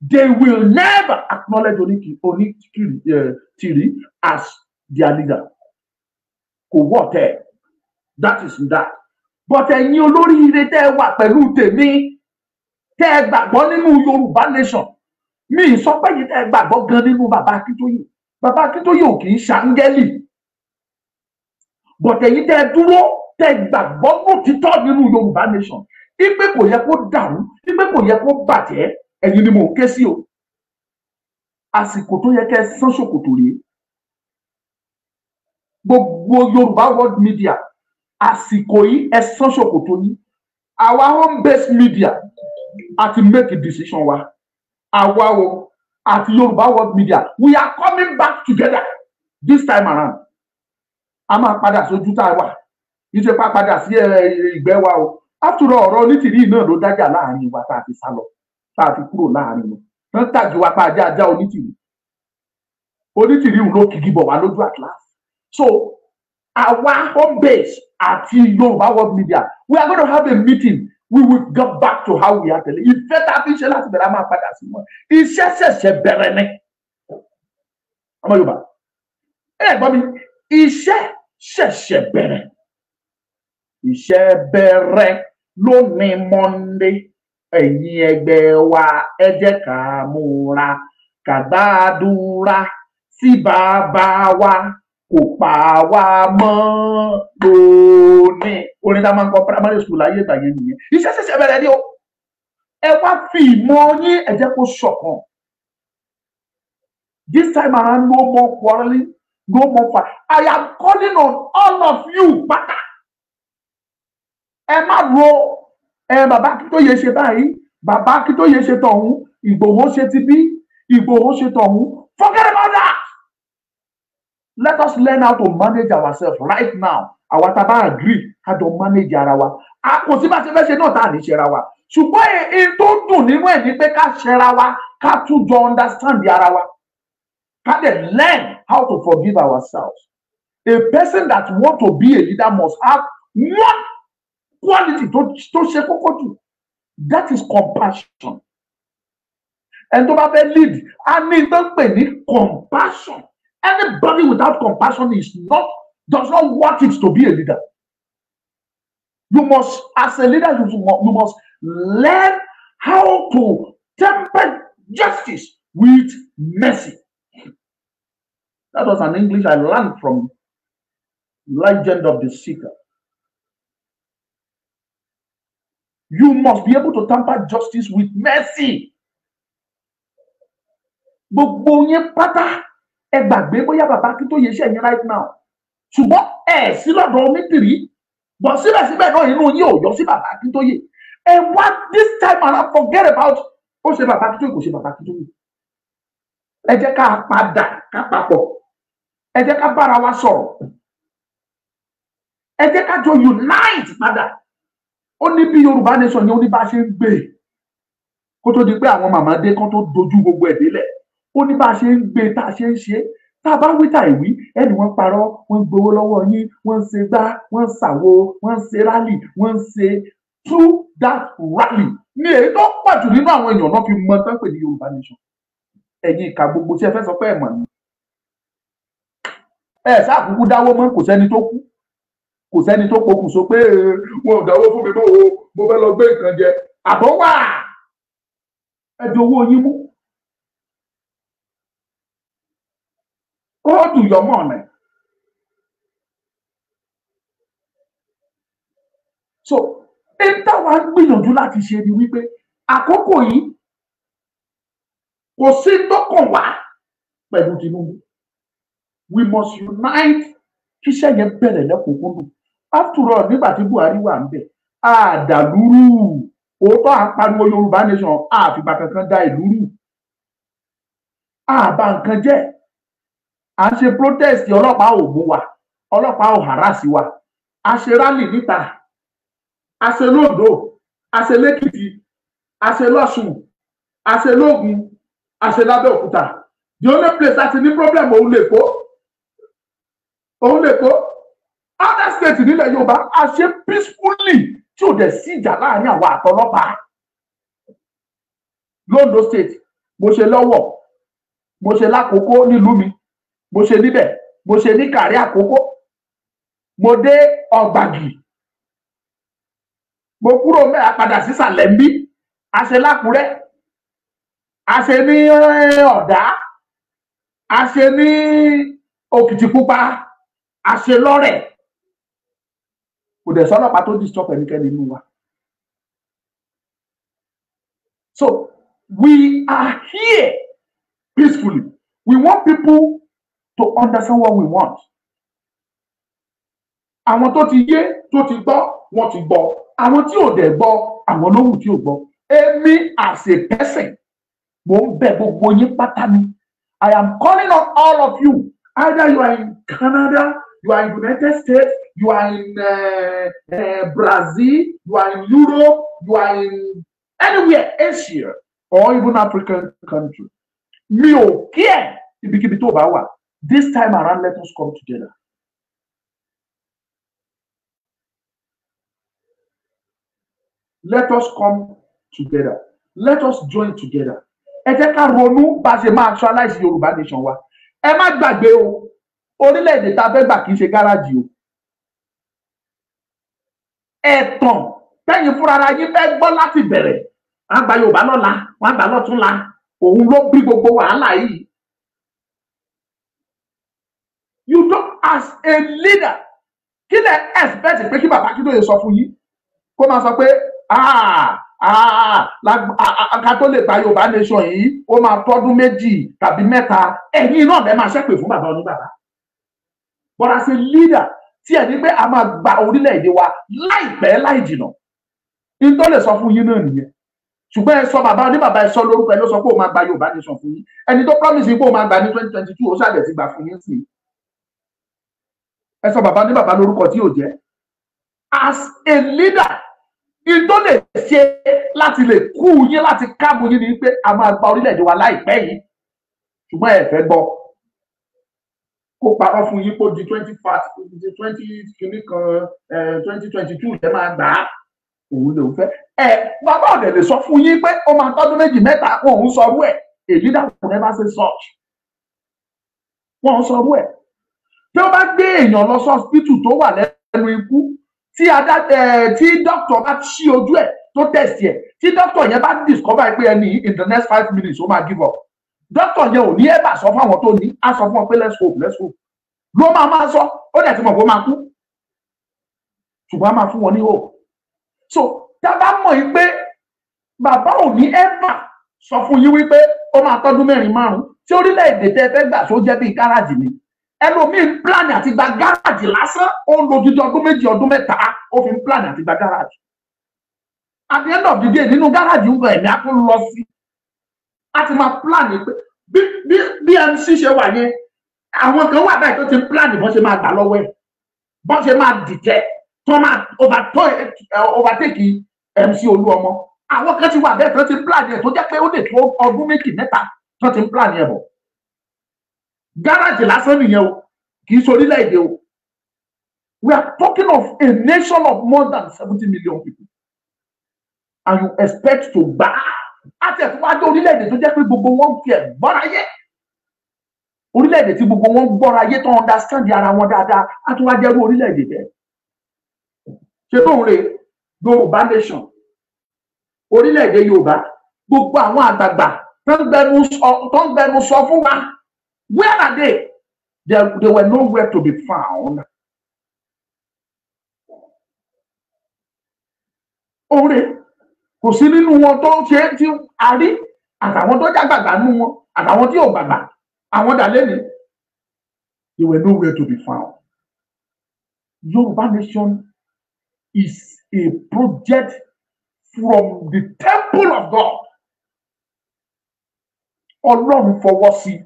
they will never acknowledge Onitiri eh, Onitiri uh, as their leader kò wọ́ tẹ̀ that is that but ẹ̀yin olóríire tẹ́ wà pẹ̀lú tèmi tẹ́ ẹ gbàgbọ́ nínú Yorùbá nation mi ì sọ pé yìí tẹ́ ẹ gbàgbọ́ gan nínú bàbá Akíntóyè bàbá Akíntóyè ò kì í ṣàǹgẹ́lì bọ̀tẹ̀ yìí tẹ́ ẹ dúró tẹ́ ẹ gbàgbọ́ lótìtọ́ nínú Yorùbá nation ipe kò yẹ kó dàrú ipe kò yẹ kó bàjẹ́ ẹ̀yin ni mo ké sí o àsìkò tó yẹ kẹ́ ẹ sán ṣòkòtò rèé gbogbo Yorùbá world media àsìkò yìí ẹ sán ṣòkòtò yìí àwa home based media a make a decision wa àwa o àti Yorùbá world media we are coming back together this time around a máa padà sójú tá a wà ìṣe pa padà sí ìgbẹ́ wa o àtúrọ̀ ọ̀rọ̀ onítìrí náà ló dájà láàrin wa tá a ti sá lọ tá a ti kúrò láàrin wọn wọ́n tàgé wa pa ajá ajá onítìrí onítìrí ló kìkì bọ̀ wá lójú atlas so àwa home base àti Yorùbá world media we are gonna have a meeting we will go back to how we are telling ìfẹ́ tá a fi ṣe láti bẹ̀rẹ̀ a máa padà sí wọn iṣẹ́ ṣẹ̀ṣẹ̀ bẹ̀rẹ̀ ni ọmọ Yorùbá ẹ gbọ́ mi iṣẹ́ ṣẹ̀ṣẹ̀ bẹ̀rẹ̀ iṣẹ́ bẹ̀rẹ̀ lónìí Monday ẹ̀yin ẹgbẹ́ wa ẹ jẹ́ ká múra ká gbàdúrà sí bàbá wa kò pa wá mọ́ lónìí orin tá a máa ń kọ primary school láyé ìgbà yẹn nìyẹn iṣẹ́ ṣẹ̀ṣẹ̀ bẹ̀rẹ̀ ni o ẹ wá fi ìmọ̀ yín ẹ jẹ́ kó ṣọ̀kan this time around no more quarreling no more fight I am calling on all of you pátá ẹ má ro bàbá kí ṣe báyìí bàbá kí ṣe tọ̀hún ìgbòho ṣe ti bí ìgbòho ṣe tọ̀hún forget let us learn how to manage ourselves right now àwa tá a bá agree how to manage ara wa a kò sí bá ṣe fẹ́ ṣe náà tá a ní ṣera wa ṣùgbọ́n èyí e, tó dùn nínú ẹ̀ ni pé ká ṣera wa ká tún jọ understand ara wa ká dẹ̀ learn how to forgive ourselves a person that want to be a leader must have one quality tó ṣe kókó jù that is compassion ẹni tó bá fẹ́ lead a ní tó ń pè ní compassion Anybody without compassion is not does not want it to be a leader. You must, as a leader, you, you must learn how to temper justice with mercy. That was an English I learned from Legend of the Seeker. You must be able to temper justice with mercy. Gbogbo yẹn pátá ẹ gbàgbé bóyá bàbá Akíntóyè ṣe yín right now ṣùgbọ́n ẹ sí lọ́dọ̀ Omídìrí bọ̀ síbẹ̀síbẹ̀ náà inú yín ò yọ sí bàbá Akíntóyè ẹ wá this time around forget about ó ṣe bàbá Akíntóyè kò ṣe bàbá Akíntóyè ẹ jẹ́ ká padà ká papọ̀ ẹ jẹ́ ká bára wa sọ̀rọ̀ ẹ jẹ́ ká jọ unite padà ó ní bí Yorùbá nation yẹn ó ní bá ṣe ń gbé kó tó di pé àwọn màmá dé kán tó dojú gbogbo ẹ̀ délẹ̀ ó ní bá a ṣe ń gbé tá a ṣe ń ṣe tá a bá wí tà ìwí ẹni wọ́n parọ́ wọ́n gbowó lọ́wọ́ yín wọ́n ṣe gbá wọ́n ṣàwo wọ́n ṣe rally wọ́n ṣe to that rally ní èyí tó pọ̀ jù nínú àwọn èèyàn náà fi mọ tán pè ní Yorùbá nation ẹ̀yin ìka gbogbo tí ẹ fẹ́ sọ pé ẹ mọ̀ ni ẹ ṣáàkúkú dáwó mọ́ kò sẹ́ni tó kú kò sẹ́ni tó pokùnso pé wọn ò dáwó fún mi mọ́ o mo fẹ́ lọ gbé nǹkan jẹ àbọ̀wà ẹ di owó yín mú Go to your money. So, ẹni táwa ń gbìyànjú láti ṣe ni wípé àkókò yìí kò sí dọ́kàn wá pẹ̀lú Tinubu. We must unite kí iṣẹ́ yẹn bẹ̀rẹ̀ lẹ́kùnkúndùn. After all, nígbà tí Buhari wà ń bẹ̀, àdàlúrú òótọ́ àpariwo Yorùbá nation àfìgbà kankan da ìlú rú. Àbá nǹkan jẹ́ à ń ṣe protest ọlọ́pàá ò mú wa ọlọ́pàá ò harass wa a ṣe rally níta a ṣe lóńdó a ṣe lẹ́kìtì a ṣe lọ́sùn a ṣe lóògùn a ṣe lábẹ́òkúta the only place that ní problem òun lè kó òun lè kó other state nílẹ̀ Yorùbá a ṣe peacefully tí ò dẹ̀ sí ìjà láàrin àwa àtọlọ́pàá London state mo ṣe lọ́wọ́ mo ṣe lákòókò nílùú mi mo ṣe níbẹ̀ mo ṣe ní kàrí àkókò mo dé ọgbàgì mo kúrò mẹ́ra padà sísàlẹ̀ ń a ṣe lákùrẹ́ a ṣe ní eh, ọ̀dá a ṣe ní òkìtìpupa a ṣe lọ́rẹ̀ kò dẹ̀ sọ́lọ́pàá tó disturb ẹnikẹ́ni inú wa. So we are here peacefully. We want people to understand what we want. Àwọn tó ti yé tó ti gbọ́ wọ́n ti gbọ́. Àwọn tí ò dẹ̀ gbọ́ àwọn ló wù tí ò gbọ́. Èmi as a person mo ń bẹ̀ gbogbo yín pátá mi. I am calling on all of you either you are in Canada you are in United States you are in uh, uh, Brazil you are in Europe you are in anywhere Asia or even African country. Mi ò kí ẹ̀ ibikíbi tó bá wà. This time around, let us come together. Let us come together. Let us join together. Ẹ jẹ́ ká ronú bá máa actualize Yorùbá nation wa. Ẹ má gbàgbé o, orílẹ̀-èdè ta fẹ́ gbà kì ṣe gáràjì o. Ẹ̀tàn tẹ́yìn fúnra yín fẹ́ gbọ́ láti bẹ̀rẹ̀. Wọ́n á gba Yorùbá lọ́la, wọ́n á gbà lọ́túnla. Òun ló bí gbogbo wàhálà yìí you talk as a leader kí lẹ expect pé kí bàbá Akíntóyè sọ fún yín kó máa sọ pé ah, ah, ká tó lè gba Yorùbá nation yìí ó máa tọ́dún méjì tàbí mẹ́ta ẹ̀yin náà lẹ máa ṣépè fún bàbá oníbàbá but as a leader tí ẹ ní pé a máa gba orílẹ̀-èdè wa láìpẹ́ láì jìnà nítorí lè sọ fún yín náà nìyẹn ṣùgbọ́n ẹ sọ bàbá oníbàbá ẹ sọ lórúkọ ẹ ló sọ pé ó máa gba Yorùbá nation fún yín ẹni tó promise yín pé ó máa gba ní twenty twenty two ó ṣàbẹ̀ ti gbà fún yín sí i ẹ sọ bàbá ní bàbá lórúkọ tí yóò jẹ as a leader ìtò lè ṣe láti lè kú yín láti káàbù yín ni pé a máa gba orílẹ̀-èdè wa láìpẹ́ yìí ṣùgbọ́n ẹ fẹ́ gbọ́ kó parọ́ fún yín kó di twenty fast di twenty kìíní kan twenty twenty two lẹ́ máa gbà á òun lòun fẹ́ ẹ bàbá ọ̀dẹ̀ lè sọ fún yín pé ó máa tọ́dún méjì mẹ́ta òun sọ rú ẹ̀ èyí dàpọ̀ never say such wọ́n sọ rú ẹ̀ bí wọ́n bá gbé èèyàn lọ sọ́spítù tó wà lẹ́nu ikú tí dókítà bá ṣí ojú ẹ̀ tó tẹ̀sí ẹ̀ tí dókítà yẹn bá discover pé ẹni in the next five minutes ó máa give up dókítà yẹn ò ní ẹ̀ bà sọ fún tó ní á sọ fún wọn pé let's hope let's hope ló máa máa sọ ó dẹ̀ ti mọ̀ pé ó máa kú ṣùgbọ́n a máa fún wọn ní hope so tá a bá mọ̀ yìí pé bàbá ò ní ẹ̀ bà sọ fún yín wípé ó máa tọ́dún mẹ́rin márùn-ún tí orílẹ̀-èdè tẹ́ fẹ́ gbà só jẹ́ bíi káràjì ni ẹlòmíín plan àti gba garage. lásán ó ń lo odidi ọdún méjì ọdún mẹ́ta ó fi plan àti gba garage. at the end of the day nínú garage ń gba ẹ̀mí á tún lọ sí a ti máa plan pé bí bí bí mc ṣe wà yẹn àwọn kan wà báyìí tó ti plan bọ́n ṣe máa gbà lọ́wọ́ ẹ̀ bọ́n ṣe máa dìtẹ̀ tó máa overtake mc olúọmọ àwọn kan ti wà bẹ́ẹ̀ tó ti plan yẹn tó jẹ́ pé ó lè tó ọdún méjì mẹ́ta tó ti plan yẹn bọ̀. Garage lásán nìyẹn o kì í ṣe orílẹ̀-èdè o we are talking of a nation of more than seventy million people and you expect to gbà á àti ẹ̀tún wá dé orílẹ̀-èdè tó jẹ́ pé gbogbo wọn fi ẹ̀ gbọ́ra yé orílẹ̀-èdè tí gbogbo wọn gbọ́ra yé tó understand ara wọn dáadáa á tún wá dẹ́rú orílẹ̀-èdè bẹ́ẹ̀ ṣe tóun rè Yorùbá nation orílẹ̀-èdè Yorùbá gbogbo àwọn àgbààgbà tó ń gbẹnu sọ fún wa Where are they? They, they were nowhere to be found. Oore kò sí nínú wọn tó ṣe tí a rí àtàwọn tó jágbàgbà nínú wọn àtàwọn tí ò gbàgbà àwọn dàlẹ́ ni. They were nowhere to be found. Yoruba nation is a project from the temple of God. Ọlọ́run fọwọ́ sí i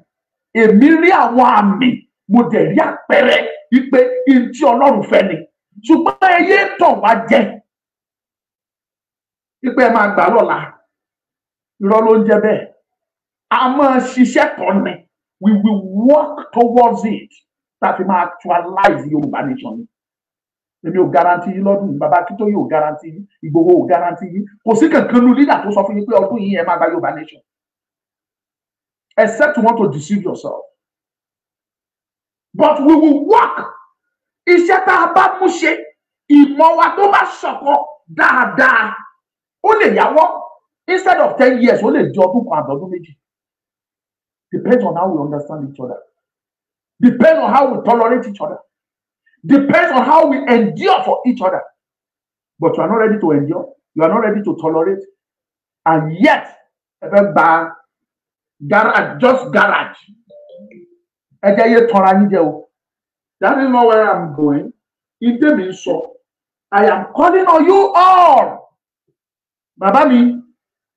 èmi rí àwọn àmì mo dẹ̀ rí àpẹẹrẹ wípé ìdí ọlọ́run fẹ́ ni ṣùgbọ́n ẹyẹ tàn wá jẹ wípé ẹ máa gbà lọ́la irọ́ ló ń jẹ bẹ́ẹ̀ a máa ṣiṣẹ́ tán ni we will work towards it láti máa actualize yorùbá nation ni èmi ò garanti yín lọ́dún bàbá Akíntóyè ò garanti yín Ìgbòho ò garanti yín kò sí kankan lu leader tó sọ fún yín pé ọdún yìí ẹ máa gba yorùbá nation except you want to deceive yourself. But we will walk. Iṣẹ́ tá a bá mú ṣe, ìmọ̀ wa tó bá ṣọ̀kan dáadáa, ó lè yáwọ́. Instead of ten years, ó lè di ọdún kan àbọ̀dún méjì. Depends on how we understand each other. Depends on how we tolerate each other. Depends on how we endure for each other. But you are not ready to endure. You are not ready to tolerate. And yet, ẹ fẹ́ gba garage just garage ẹ jẹ́ yé tọ́ra yín jẹ́ o that is not where I am going ìdè mi ń sọ i am calling on you all bàbá mi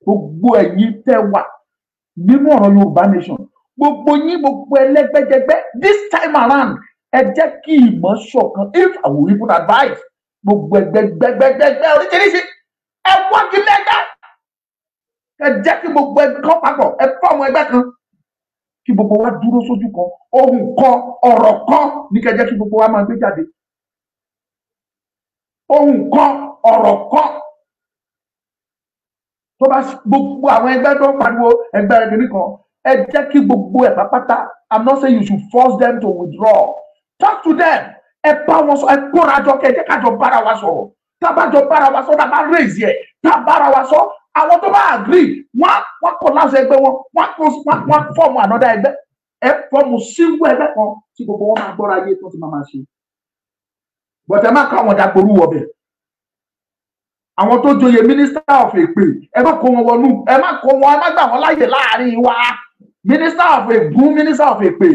gbogbo ẹ̀yin tẹ́ wà nínú ọ̀rọ̀ yorùbá nation gbogbo yín gbogbo ẹlẹ́gbẹ́jẹgbẹ́ this time around ẹ jẹ́ kí ìmọ̀ ṣọ̀kan if àwọn people advice gbogbo ẹgbẹgbẹgbẹgbẹ oríṣiríṣi ẹ wọ́n kí lẹ́gbẹ́ ẹ jẹ́ kí gbogbo ẹgbẹ́ kan papọ̀ ẹ fọ́ọ̀mù ẹgbẹ́ kan kí gbogbo wa dúró sójú kan ohun kan ọ̀rọ̀ kan ní kẹjẹ kí gbogbo wa máa gbé jáde ohun kan ọ̀rọ̀ kan tó bá gbogbo àwọn ẹgbẹ́ tó ń pariwo ẹgbẹ́ rẹ̀ nìkan ẹ jẹ́ kí gbogbo ẹ̀ pápátá i'm not saying you should force them to withdraw talk to them ẹ bá wọn sọ ẹ kóra jọ kẹ ẹ jẹ́ kájọ bára wa sọ̀rọ̀ tábàjọ bára wa sọ tábà raise yẹ tábàra wa sọ àwọn tó bá agree wọn wọn kọ láti ẹgbẹ́ wọn wọn kó wọn fọọmù ànọdá ẹgbẹ́ ẹ fọọmù síwú ẹgbẹ́ kan tí gbogbo wọn máa gbọ́ra ayé tó ti máa máa ṣe bọtẹ má kọ àwọn dàgbòrú wọbẹ àwọn tó joyè minister of èpè ẹ má kó wọn wọnú ẹ má kó wọn ẹ má gbà wọn láàyè láàrin wa minister of ègún minister of èpè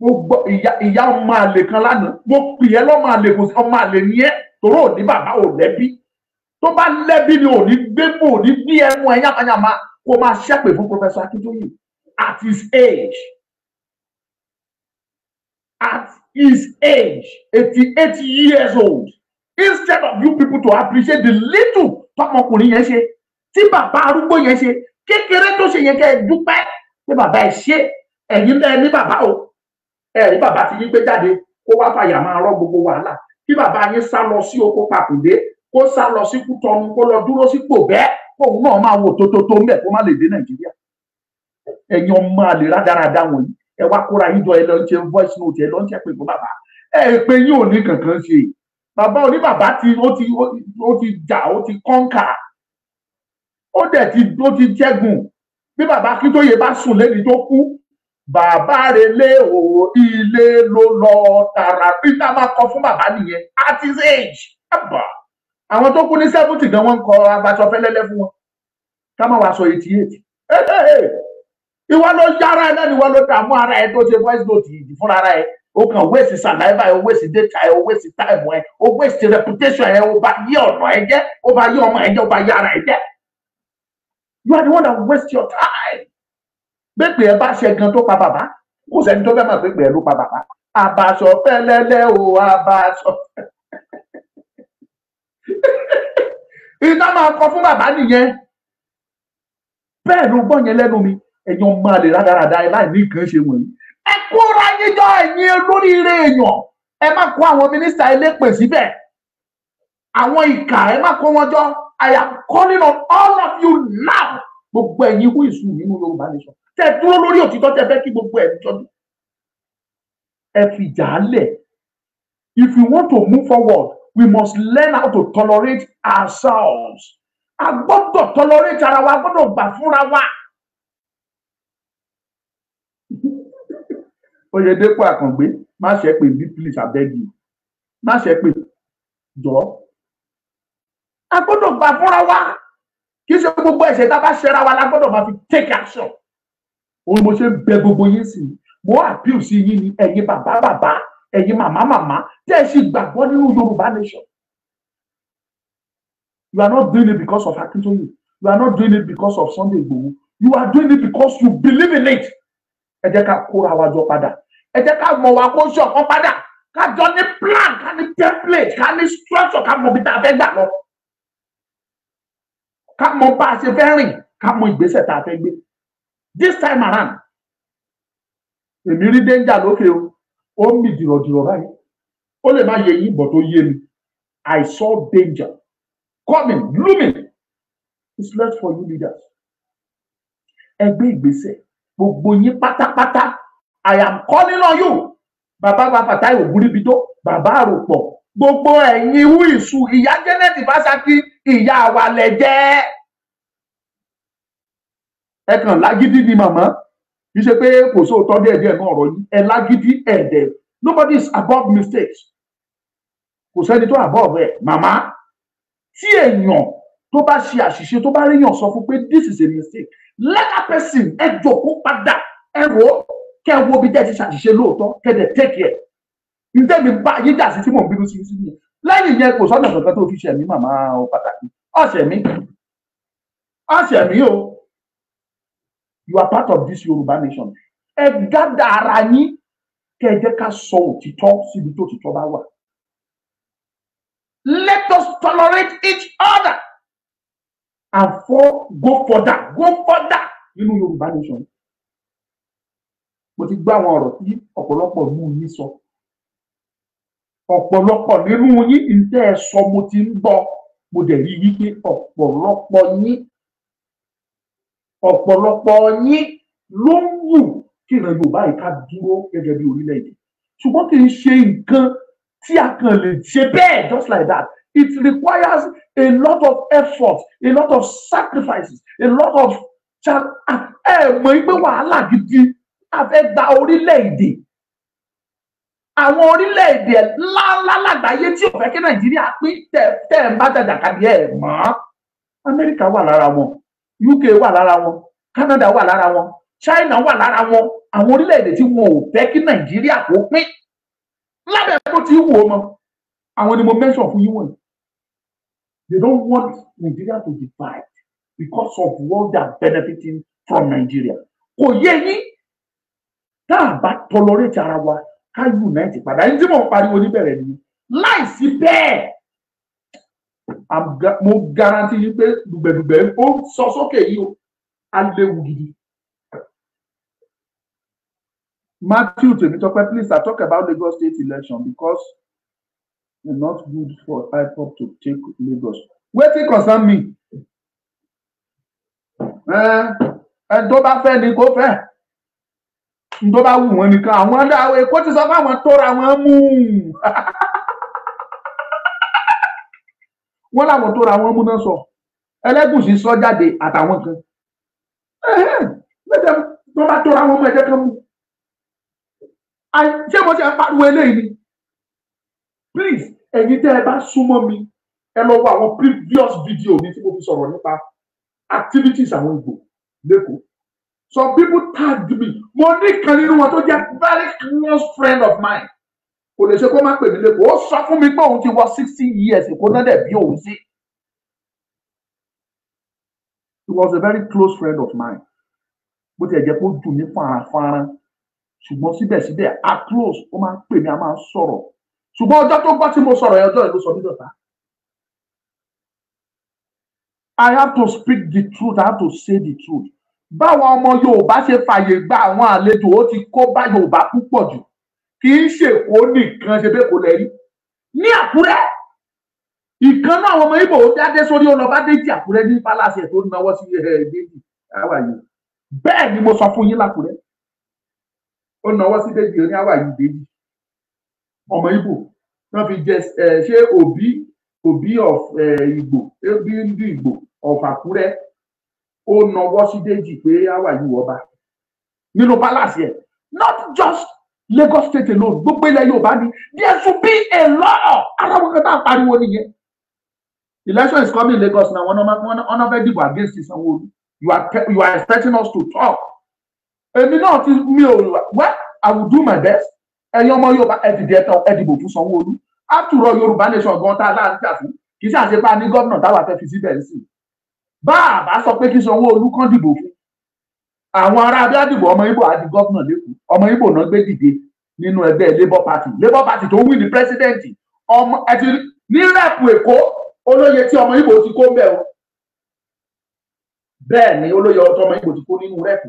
mo gbọ́ ìyá ọmọ àlè kan lánàá mo pè é lọ́mọ àlè kò sí ọmọ àlè ni ẹ́ tòró ò ní bàbá ò lẹ́bí tó bá lẹ́bí ni ò ní gbégbó ò ní bí ẹnu ẹ̀ yàtàyàmá kó máa ṣépè fún Professor Akintoye at his age at his age eighty-eight years old instead of you people to appreciate the little tọmọkùnrin yẹn ṣe tí bàbá arúgbó yẹn ṣe kékeré tó ṣe yẹn kẹ́ ẹ dúpẹ́ pé bàbá ẹ ṣe ẹ̀yin náà ní bàbá o ẹ̀rí bàbá ti yín gbé jáde kó wá fàyà máa rọ gbogbo wàhálà kí bàbá yín sá lọ sí oko papòdé kó sá lọ sí kútọnu kó lọ dúró sípò bẹ́ẹ̀ kóun náà máa wò tótótó ńbẹ kó má lè dé nàìjíríà ẹ̀yin ọmọ àlè rádaràda wọ̀nyí ẹ wá kóra yín jọ ẹ lọ ń ṣe voice note ẹ lọ ń ṣe pé fún bàbá ẹ pé yín ò ní kankan ṣe bàbá òní bàbá ti ó ti ó ti jà ó ti kọ́ńkà ó dẹ̀ ti ó ti jẹ́gùn bí bàbá Akíntóyè bá sùn lẹ́ni tó kú bàbá relé o ilé ló lọ tààrà peter máa kọ fún bàbá nìyẹn at his age ẹbà àwọn tó kú ní seventy gan wọn ń kọ abaṣọ fẹlẹlẹ fún wọn ká má wàá sọ eighty eight ìwọ ló yára ẹ náà ni ìwọ ló dààmú ara ẹ tó ṣe voice note yìí fúnra ara ẹ o kàn waste saliva ẹ o waste data ẹ o waste time ẹ o waste reputation ẹ o bà yí ọ̀nà ẹ jẹ́ o bà yí ọmọ ẹ jẹ́ o bà yí ẹ jẹ́ you are the one that waste your time gbẹgbẹ ẹ bá ṣe gan tó pa bàbá kò sẹ́ni tó fẹ́ mọ̀ gbẹgbẹ ẹ ló pa bàbá àbàṣọ fẹlẹlẹ o àbàṣọ iná máa kọ fún bàbá nìyẹn bẹ́ẹ̀ ló gbọ́ yẹn lẹ́nu mi ẹ̀yin ọmọ àlè rádaràda ẹ láì ní nǹkan ṣe wọ̀nyí ẹ kóra yín jọ ẹ̀yin èèyàn ẹ má kó àwọn mínísítà elépè síbẹ̀ àwọn ìkà ẹ má kó wọn jọ I am calling on all of you now gbogbo ẹ̀yin wíìsù nínú Yorùbá nation tẹ dúró lórí òtítọ́ tẹ fẹ́ kí gbogbo ẹ̀ jọ ẹ fi ìjà lẹ̀ if we want to move forward we must learn how to tolerate ourselves a gbọ́dọ̀ tolerate ara wa a gbọ́dọ̀ gbà fúnra wa. Oyèdèpọ̀ Àkàngbé má ṣe pè mí please abeg you má ṣe pè jọ. a gbọ́dọ̀ gbà fúnra wa kì í ṣe gbogbo ẹ̀ṣẹ̀ tá a bá ṣẹra wa la gbọ́dọ̀ máa fi take action òun mo ṣe ń bẹ gbogbo yín sí ni mo àbíù sí yín ni ẹ̀yin bàbá bàbá ẹ̀yin màmá màmá tẹ́ ẹ sì gbàgbọ́ nínú Yorùbá nation you are not doing it because of Akintoye you are not doing it because of Sunday Igboho you are doing it because you believe in it ẹ jẹ́ ká kóra wa jọ padà ẹ jẹ́ ká mọ̀ wá kó ṣọ̀kan padà ká jọ ní plan ká ní template ká ní structure ká mọ̀ bí tá a fẹ́ gbà lọ ká mọ̀ bá a ṣe fẹ́ rìn ká mọ̀ ìgbésẹ̀ tá a fẹ́ gbé this time around èmi rí danger lókè o ó ń mi dìrọ̀dìrọ̀ báyìí ó lè má yẹ yín bọ̀ tó yé mi I saw danger coming looming it's left for you leaders ẹ gbé ìgbésẹ̀ gbogbo yín pátápátá I am calling on you bàbá bàbàtà ògúnríbidó bàbá àròpọ̀ gbogbo ẹ̀yin wíìsù ìyá Janet Fasaki ìyá wa lẹ ẹ kàn lágídí ni màmá kì í ṣe pé kò sóòótọ́ díẹ̀ díẹ̀ náà ọ̀rọ̀ yìí ẹ lágídí ẹ̀dẹ̀ nobody is above mistakes kò sẹ́ni tó above ẹ̀ màmá tí èèyàn tó bá ṣe àṣìṣe tó bá ríyàn sọ fún pé this is a mistake let that person ẹ jòkó padà ẹ wò ó kẹ wo bí dẹ́ ti ṣàṣìṣe lóòótọ́ kẹ́dẹ̀ take care ntẹ́mi bá yín dà sí tí mò ń bínú sí sí yẹn lẹ́yìn yẹn kò sọ́nà kankan tó fi ṣẹ̀mí màmá o pàtàkì ọ̀ṣẹ̀mí ọ̀ṣẹ̀mí o you are part of this Yoruba nation ẹ gádà ara yín kẹ ẹ jẹ́ ká sọ òtítọ́ síbi tó òtítọ́ bá wà let us tolerate each other and for go further go further nínú Yoruba nation mo ti gbọ́ àwọn ọ̀rọ̀ tí ọ̀pọ̀lọpọ̀ mú yín sọ ọ̀pọ̀lọpọ̀ nínú yín ǹtẹ́ ẹ sọ mo ti ń gbọ́ mo dẹ̀ rí wípé ọ̀pọ̀lọpọ̀ yín ọ̀pọ̀lọpọ̀ yín ló ń wù kí ìran Yorùbá yìí ká dúró gẹ́gẹ́ bí orílẹ̀-èdè ṣùgbọ́n kì í ṣe nǹkan tí a kàn lè ṣe bẹ́ẹ̀ just like that it requires a lot of effort a lot of sacrifices a lot of ẹ mọ̀ pé wàhálà gidi a orílẹ̀-èdè àwọn orílẹ̀-èdè ńláńlá lágbàáyé tí ò kí Nàìjíríà pín tẹ̀ tẹ̀ ń bá jàjàkadì ẹ̀ mọ́ Amẹ́ríkà wà lára wọn UK wà lára wọn Canada wà lára wọn China wà lára wọn àwọn orílẹ̀-èdè tí wọn ò fẹ́ kí Nàìjíríà kó pín lábẹ́ tó ti wò ó mọ àwọn ni mo mention fún yín wọ̀nyí they don't want Nigeria to divide because of what that benefiting from Nigeria kò yé yín tá a bá tolerate ara wa ká unite padà ẹni tí mo ń pariwo níbẹ̀rẹ̀ nìyí láìsí bẹ́ẹ̀ mo garanti yìí pé dùgbẹ̀dùgbẹ̀ ó sọ sókè yìí o á léwu gidi. Matthew Temitope, please, I talk about Lagos state election because it's not good for IPOP to take Lagos. Wetin concern me? Eh, Ẹn tó bá fẹ́ ni kó fẹ́. N tó bá wù wọ́n nìkan, àwọn ẹ̀kọ́ ti sọ fún àwọn tó ra wọn mú. *laughs* wọ́n láwọn tó ra wọn múná sọ ẹlẹ́gùsì sọ jáde àtàwọn kan lẹ́jẹ̀ tó bá tó ra wọn mọ́ ẹ̀jẹ̀ kan mú ṣé mo ṣe ń pariwo eléyìí ni please ẹ̀yin tẹ́ ẹ bá súnmọ́ mi ẹ lọ wo àwọn previous video mi tí mo fi sọ̀rọ̀ nípa activities àwọn Ìgbò lẹ́kọ̀ọ́ some people tagged me mo ní kan nínú wọn tó jẹ́ very close friend of mine kò lè ṣe kó má pè mí lẹ́kọ̀ọ́ ó sọ fún mi pé òun ti wọ sixty years kó náà dẹ̀ bí òun sí. he was a very close friend of mine bó tiẹ̀ jẹ́ kó dùn mí faranfaran ṣùgbọ́n síbẹ̀síbẹ̀ a close ó máa ń pè mí a máa ń sọ̀rọ̀ ṣùgbọ́n ọjọ́ tó gbọ́ tí mo sọ̀rọ̀ yẹn ọjọ́ yẹn ló sọ mí dọ̀tá. I have to speak the truth I have to say the truth báwọn ọmọ Yorùbá ṣe fàyè gba àwọn àlejò ó ti kó bá Yorùbá púpọ̀ jù kì í ṣèkó nìkan ṣe bẹ́ẹ̀ kò lẹ́rí ní àkúrẹ́ ìkan náà àwọn ọmọ ibo dáadé sórí ọlọ́ba déjì àkúrẹ́ ní palace ẹ̀ tó náwó sí eh, déjì àwàyè bẹ́ẹ̀ ni mo sọ fún yín lákúrẹ́ ó náwó sí déjì ní àwàyè déjì ọmọ ibo wọn fi jẹ eh, ṣé òbí òbí of eh, Ìgbò ebi ń du Ìgbò of Àkúrẹ́ ó náwó sí déjì pé àwàyè wọ́ba nínú palace ẹ̀ not just Lagos state alone gbogbo ilẹ̀ Yorùbá ni there should be a law aláwọ̀ kan tá a pariwo nìyẹn election is coming Lagos na one of fẹ́ dìbò against Sanwó-Olú you are you are expecting us to talk èmi náà ti mi ò well I will do my best ẹ̀yin ọmọ Yorùbá ẹ dìde ẹ dìbò fún Sanwó-Olú after all Yorùbá nation gan tá a láàrin tà fún kì í ṣàṣepá ní gómìnà táwa fẹ́ fi síbẹ̀ ń sìn bá a bá sọ pé kí Sanwó-Olú kàn dìbò fún àwọn ará abíádìbò ọmọ Ìgbò àti gómìnà lẹ́kọ̀ọ́ ọmọ Ìgbò náà gbé dìde nínú ẹgbẹ́ labour party labour party tó win ní president ọmọ ẹtì ní rẹpù èkó olóyè tí ọmọ Ìgbò ti kó ń bẹ o bẹ́ẹ̀ ni olóyè ọtọ ọmọ Ìgbò ti kó nínú rẹpù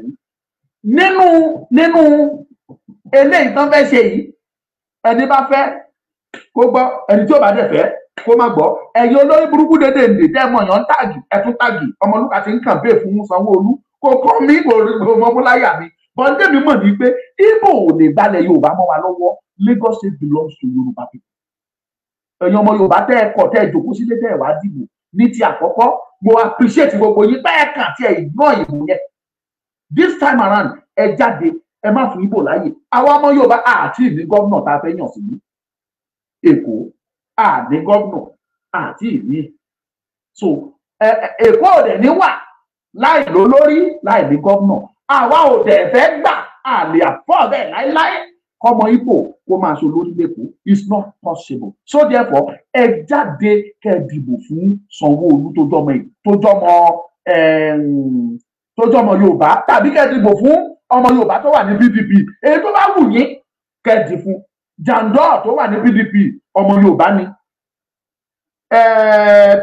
nínú nínú eléyìí tán fẹ́ ṣe yìí ẹni bá fẹ́ kó gbọ́ ẹni tí ò bá dẹ̀ fẹ́ kó má gbọ́ ẹ̀yin olórí burúkú dédé ǹdè dẹ́mọ̀ yàn ń tàgì ẹ̀tún tàgì ọmọlúkà ti ń kàn bẹ́ẹ̀ fún Sanwó-Olú kò kọ́ mi kò mọ́mú láyà mi But bọ́ńdẹ́mi we, ní pé ibo the lè gbalẹ̀ yorùbá mọ́ wa lọ́wọ́ Lagos state belongs to yorùbá people ẹ̀yin ọmọ yorùbá tẹ́ ẹ kọ̀ tẹ́ ẹ jòkó sílé tẹ́ ẹ wá dìbò ní ti àkọ́kọ́ mo appreciate gbogbo yín bẹ́ẹ̀ kàn tí ẹ ignore ìbò yẹn this time around ẹ jáde ẹ má fún ibo láàyè àwa ọmọ yorùbá àti ní gómìnà tá a fẹ́ yàn sí ní èkó àní gómìnà àti ìní so èkó ò dẹ̀ ní wà láì lólórí láì ní gómìnà àwa ò dẹ̀ fẹ́ gbà àlè àpọ̀ bẹ́ẹ̀ láéláé ọmọ Ìgbò kó máa ṣe olórí lẹ́kọ̀ọ́ it's not possible so therefore ẹ jáde kẹ́ dìbò fún Sanwó-Olú tó jọmọ tó jọmọ tó jọmọ Yorùbá tàbí kẹ́ dìbò fún ọmọ Yorùbá tó wà ní PDP èyí tó bá wù yín kẹ́ dì fún Jandor tó wà ní PDP ọmọ Yorùbá ni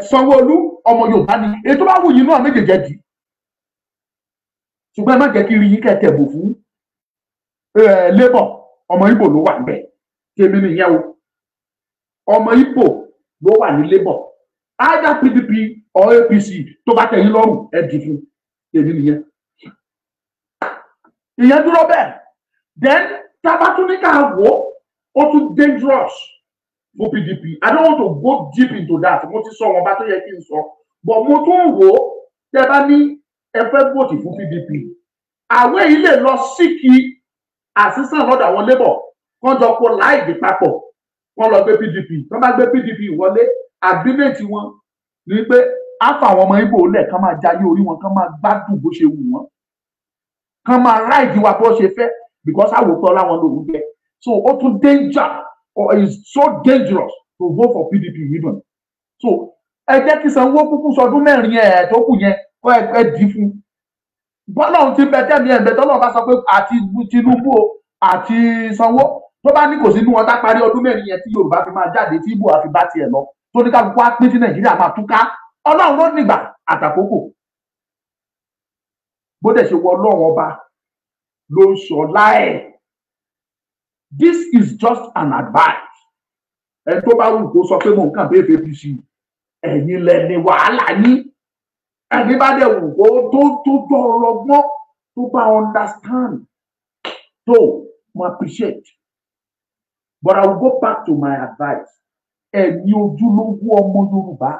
Sanwó-Olú ọmọ Yorùbá ni èyí tó bá wù yín náà méjèèjì ṣùgbọ́n ẹ má jẹ́ kí rí yín kẹ̀kẹ́ bò fún labour ọmọ Ìgbò ló wà níbẹ̀ tèmi nìyẹn o ọmọ Ìgbò ló wà ní labour either PDP or APC tó bá tẹ̀yìn lọ́rùn ẹ dì fún tèmi nìyẹn ìyẹn dúró bẹ́ẹ̀ then tabatúníkà wo ó tún dangerous for PDP I don't want to go deep into that mo ti sọ wọn bá tó yẹ kí n sọ but mo tún wò tẹ bá ní ẹ fẹ́ gbòtì fún PDP àwọn èyí lè lọ síkì àṣìṣàn lọ́dọ̀ àwọn labour kán jọ kó láìdí papọ̀ kán lọ gbé PDP tán bá gbé PDP wọlé agreement wọn ni pé afa àwọn ọmọ Ìgbò lẹ̀ kán máa jayé orí wọn kán máa gbádùn bó ṣe wù wọ́n kán máa ráìdí wa bó ṣe fẹ́ because àwòtọ́ láwọn lòún jẹ so ó tún danger or is so dangerous to vote for PDP even so ẹ jẹ́ kí Sanwó-Olú kúkú sọdún mẹ́rin ẹ̀ tó kù yẹn ẹ dì í fún bọ́lọ́run ti bẹ tẹ́mi ẹ̀ ń bẹ bá sọ pé àti Tinubu o àti Sanwó tó bá ní kò sínú wọn tá parí ọdún mẹ́rin yẹn tí Yorùbá fi máa jáde tí ibo àfi bá tiẹ̀ lọ tó ní kálukú á pín tí Nàìjíríà máa túká Ọlọ́run ló nígbà àtàkókò bó dẹ̀ ṣe wọ Ọlọ́run ọba ló ń sọ láẹ̀ this is just an advice ẹni tó bá wù kó sọ pé mò ń bẹ́ẹ̀ fẹ́ fi sí ẹ̀yin lẹ́ni wàhálà yín. Everybody will go wò ó tó tó to understand So, mo appreciate but i will go back to my advice And you do ẹni ojúlówó ọmọ yorùbá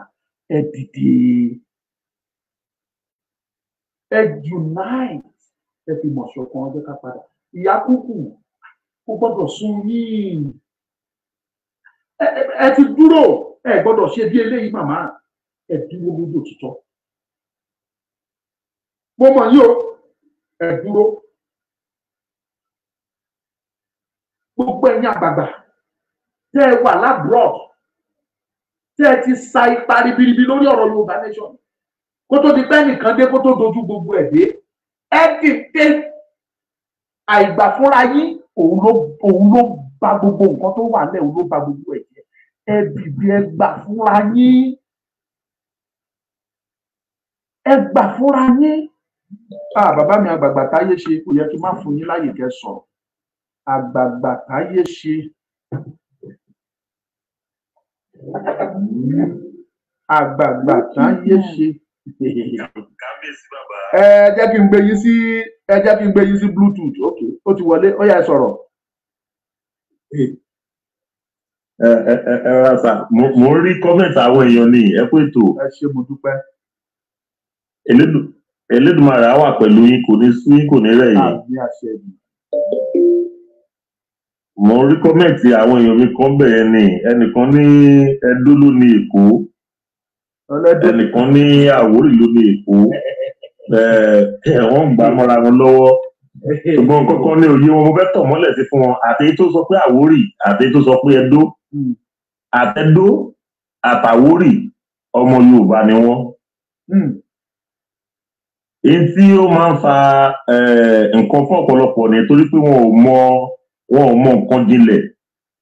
And the, and unite ẹ fi mọ̀ ṣọ̀kan ọjọ́ ká padà ìyá kúkú ó gbọ́dọ̀ sún yín ẹ ti dúró ẹ gbọ́dọ̀ ṣe lady, mama. màmá ẹ dúró lójú òtítọ́ mo mọ̀ yí o ẹ dúró gbogbo ẹ̀yin àgbààgbà tẹ́ ẹ wà lábúrọ̀d tẹ́ ẹ ti sa ipa ribiribi lórí ọ̀rọ̀ Yorùbá nation kó tó di pẹ́ nìkan dé kó tó dojú gbogbo ẹ̀ dé ẹ dìde àìgbà fúnra yín òun ló òun ló bà gbogbo nǹkan tó wà lẹ̀ òun ló bà gbogbo ẹ̀ jẹ́ ẹ dìde ẹ gbà fúnra yín ẹ gbà fúnra yín ah bàbá mi àgbààgbà táyé ṣe kò yẹ kí n má fún yín láyè kẹ́ sọ̀rọ̀ àgbààgbà táyé ṣe àgbààgbà táyé ṣe ẹ jẹ́ kí n gbé yín sí ẹ jẹ́ kí n gbé yín sí bluetooth ok ó ti wọlé ó yá ẹ sọ̀rọ̀. ẹ ẹ ẹ rasa mo ń rí kọ́mẹ̀tì àwọn èèyàn ni ẹ kó ètò. ẹ ṣé mo dúpẹ́. elédùn Elédùmarè á wà pẹ̀lú yín kò ní sú yín kò ní rẹ̀ yín mo rí kọ́mẹ̀ntì àwọn èèyàn mi kan bẹ̀rẹ̀ ni ẹnìkan ní Ẹdó ló ní Èkó ẹnìkan ní Àwórì ló ní Èkó wọ́n ń gbà mọ́ra wọn lọ́wọ́ ṣùgbọ́n kọ́kọ́ ní òye wọn mo fẹ́ tọ̀ mọ́lẹ̀ sí fún wọn àtẹ̀yí tó sọ pé Àwórì àtẹ̀yí tó sọ pé Ẹdó hmm. àtẹ̀dó àtàwórì ọmọ Yorùbá ni wọ́n. Hmm èyí tí ó máa ń fa nǹkan fún ọ̀pọ̀lọpọ̀ ni torí pé wọn ò mọ wọn ò mọ nǹkan jinlẹ̀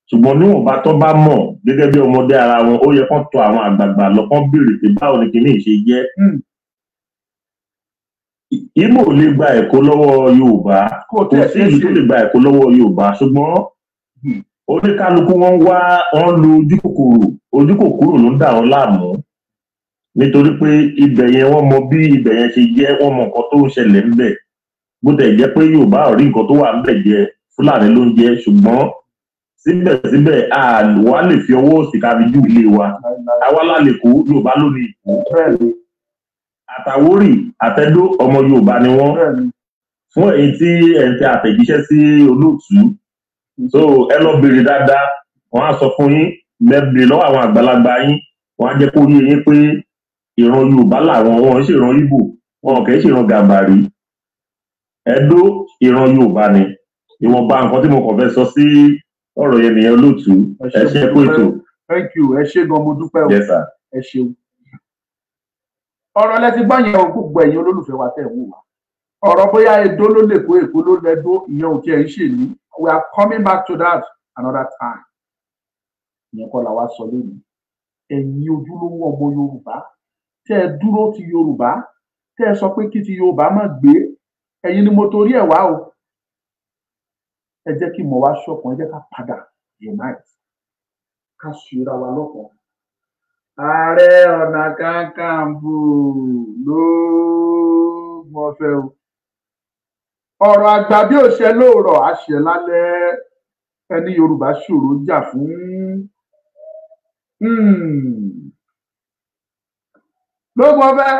ṣùgbọ́n níwọ̀nba tó bá mọ̀ gẹ́gẹ́ bí ọmọdé ara wọn ó yẹ kán tọ̀ àwọn àgbààgbà lọ kán béèrè pé báwo ni kìíní ṣe jẹ́ hmm. Ìgbò lè gba ẹ̀kọ́ lọ́wọ́ Yorùbá kò sí ìlú tó lè gba ẹ̀kọ́ lọ́wọ́ Yorùbá ṣùgbọ́n hmm. oníkálukú wọn wá wọn lu ojú kòkòrò ojú kòkòrò ló ń dà wọn láàmú nítorí pé ibẹ̀ yẹn wọ́n mọ bí ibẹ̀ yẹn ṣe jẹ́ wọ́n mọ nǹkan tó ń ṣẹlẹ̀ ńbẹ̀ bó tẹ̀ jẹ́ pé Yorùbá ò rí nǹkan tó wà ńbẹ̀ jẹ Fúlàní ló ń jẹ ṣùgbọ́n síbẹ̀síbẹ̀ àwa lè fi ọwọ́ òsì kábi ilé wa àwa lálẹ́ kó Yorùbá ló ní àtàwórì àtẹdó ọmọ Yorùbá ni wọ́n fún èyí tí ẹ̀ ń tẹ àtẹ̀jíṣẹ́ sí olóòtú so ẹ lọ béèrè dáadáa wọ́n á sọ fún yín bẹ́ẹ̀ lọ́wọ́ àwọn àgbàlagbà yín wọ́n á jẹ́ kó yé yín pé ìran yorùbá làwọn wọn ṣèran ibo wọn kì í ṣèran gàbàrí ẹdó ìran yorùbá ni ìwọ̀nba nǹkan tí mo kàn fẹ́ sọ sí ọ̀rọ̀ yẹn nìyẹn olóòtú ẹ ṣe kó ètò. thank you ẹ ṣé gan mo dúpẹ́ o ẹ ṣeun. ọ̀rọ̀ lẹ́tí gbọ́ yẹn o gbogbo ẹ̀yin olólùfẹ́ wa tẹ̀ wò wá ọ̀rọ̀ bóyá Ẹdó ló lè kó Èkó ló lẹ́dó ìyẹn ò tiẹ̀ ń ṣe ní we are coming back to that another time. ìyẹn kọ́ la sọ lónìí ẹ̀yin ojúlówó ọmọ yorùbá tẹ́ ẹ dúró ti Yorùbá tẹ́ ẹ sọ pé kí ti Yorùbá má gbé ẹ̀yin ni mo torí ẹ̀ wá o ẹ jẹ́ kí mo wá ṣọ̀kan ẹ jẹ́ ká padà unite ká ṣera wa lọ́kan. ààrẹ ọ̀nà kakanfò ló mọ fẹ́ o ọ̀rọ̀ àgbà bí ó àṣẹ lálẹ́ ẹni Yorùbá ṣòro jà fún. Hmm lóògùn ọbẹ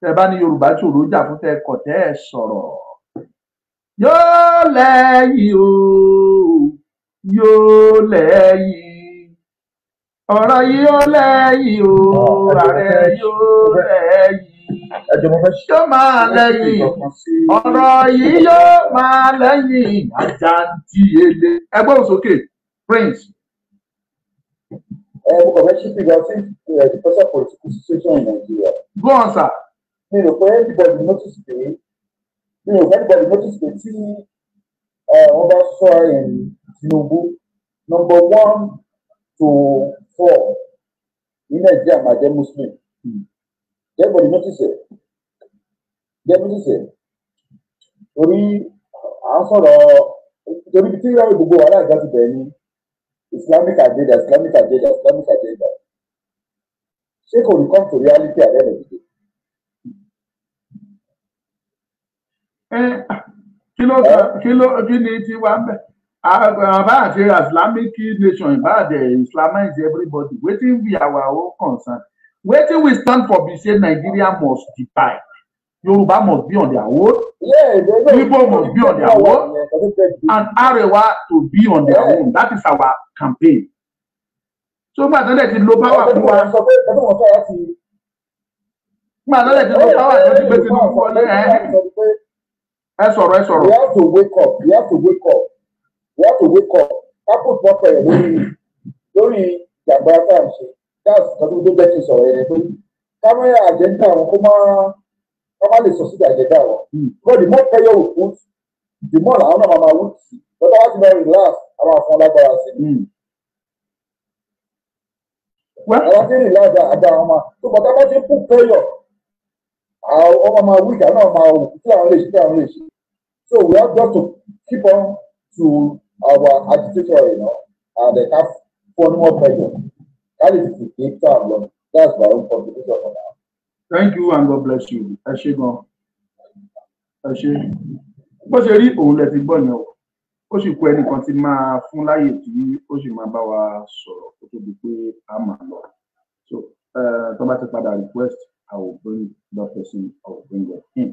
tẹ bá ní yorùbá tí òró jà fún tẹ kọ tẹ ẹ sọ̀rọ̀ yóò lẹ́yìn o yóò lẹ́yìn ọ̀rọ̀ yìí yóò lẹ́yìn o ààrẹ yóò lẹ́yìn yóò máa lẹ́yìn ọ̀rọ̀ yìí yóò máa lẹ́yìn àjàǹtí ele ẹgbẹ́ òsókè prince ẹ mo kàn fẹ́ ṣí fìgbà eh, sí ẹ ti passport kù situation in Nigeria. go on sir. mi rò pé everybody notice pé mi rò pé everybody notice pé tí eh, wọ́n bá sọ ẹ̀yìn Tinubu number one to four ní Nàìjíríà máa jẹ́ Muslim. everybody notice it. everybody notice it. torí à ń sọ̀rọ̀ torí ibi que ìyá gbogbo wàhálà ìgbà ti bẹ̀rẹ̀ ni. Islamic agenda, Islamic agenda, Islamic agenda. Ṣé kò ní come to reality at the end of the day? Kí ló kí ló kí ni tiwa ń bẹ̀? Àbá àti Islamic nation ìbáàdẹ̀ Islamize everybody. Wetin be our own concern? Wetin we stand for be say Nigeria must divide. Yoruba must be on their own. Yes, Igbo must be on their own. And Arewa to be on their own. That is our campaign. So Gbàdánlẹ̀ ti lo power fún wa. Gbàdánlẹ̀ ti lo power fún ti pé ti lù wọlé We have to wake up. We have to wake up. We have to wake up. I put water. ọkọ̀ ẹ̀ lórí lórí ìjàmbá tá à ń ṣe. That's ìtọ́jú tó jẹ́ kí n sọ̀rọ̀ yẹn pé wọ́n lè sọ síbi àjẹdá ọ̀ the more pressure we put the more làwọn náà máa wú sí lọ́tọ̀ wá sí máa relax àwọn àfọ̀n lágbára sí i. Hmm. àwọn relax àgbà àwọn máa tó bọ̀ ti put pressure àwọn ọmọ máa wú ìjà náà máa wù kí àwọn lè ṣe kí àwọn so we have got to keep on to our agitator you know, and uh, have fun more pressure that is to big time lọ that's my own contribution for now thank you and god bless you ẹ ṣe gan ẹ ṣe bó ṣe rí òun lẹ ti gbọ́ yẹn o ó sì kú ẹnìkan tí máa fún láyè tí ó sì máa bá wa sọ̀rọ̀ kó tó di pé a máa lọ so tó bá ti padà request i will bring that person i will bring them in.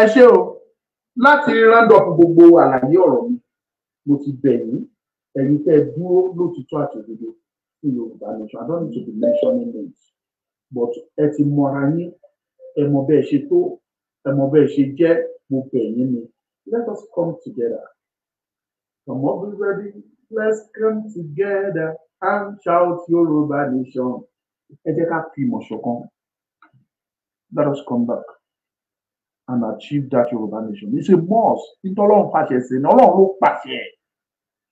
ẹ ṣe o láti rándọ̀ gbogbo àlàyé ọ̀rọ̀ mi mo ti bẹ̀ yín ẹ̀yin tẹ́ dúró lótìtọ́ àti òdodo yorùbá nation i don't need to be mentioning names but ẹ ti mọra yín ẹ mọ ṣe tó ẹ mọ ṣe jẹ́ gbogbo ẹ̀yìn ni let us come together come up be ready let's come together and shout yorùbá nation ẹ jẹ́ ká fi ìmọ̀ ṣọ̀kan let us come back and achieve that yorùbá nation it's a must nítorí ọlọ́run pàṣẹ sí ni ọlọ́run ló pàṣẹ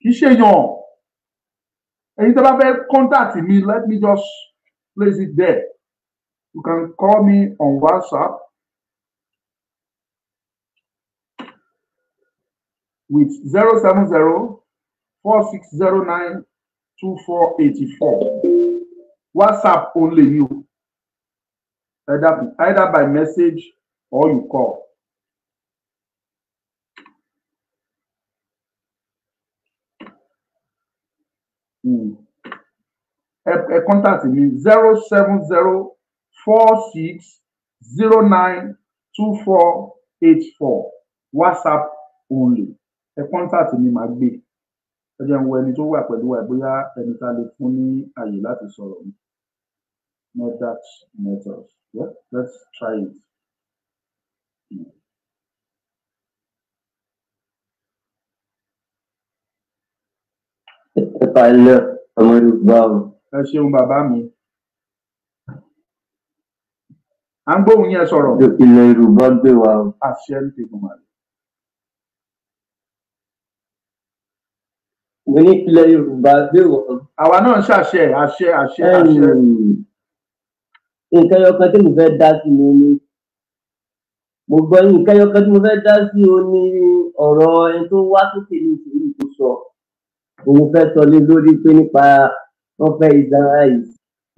kì í ṣe yàn ẹ̀yin tó bá fẹ́ contact me let me just place it there you can call me on WhatsApp with zero seven zero four six zero nine two four eighty four WhatsApp only you either either by message or you call. Hmm. ẹ kọ́ńtàtì mi zero seven zero four six zero nine two four eight four whatsapp only ẹ kọ́ńtàtì mi máa gbé ẹ jẹ́ ń wo ẹni tó wà pẹ̀lú wa bóyá ẹni tá a lè fún ní àyè láti sọ̀rọ̀ mi not that method yeah let's try it. Mm. kalẹ̀ ọmọ yorùbá o. ẹ ṣeun bàbá mi à ń gbóhùn yẹn sọ̀rọ̀. ilẹ̀ yorùbá gbé wa o. àṣẹ ń tẹ̀gùn wà. mo ní ilẹ̀ yorùbá gbé wa. àwa náà ń ṣàṣẹ àṣẹ àṣẹ àṣẹ. nǹkan ẹyọkan tí mo fẹ́ dá sí mi ni mo gbọ́ nǹkan ẹyọkan tí mo fẹ́ dá sí o ní ọ̀rọ̀ ẹni tó wá sókè ní ìṣòro òun fẹ́ sọ lé lórí pé nípa wọ́n fẹ́ israel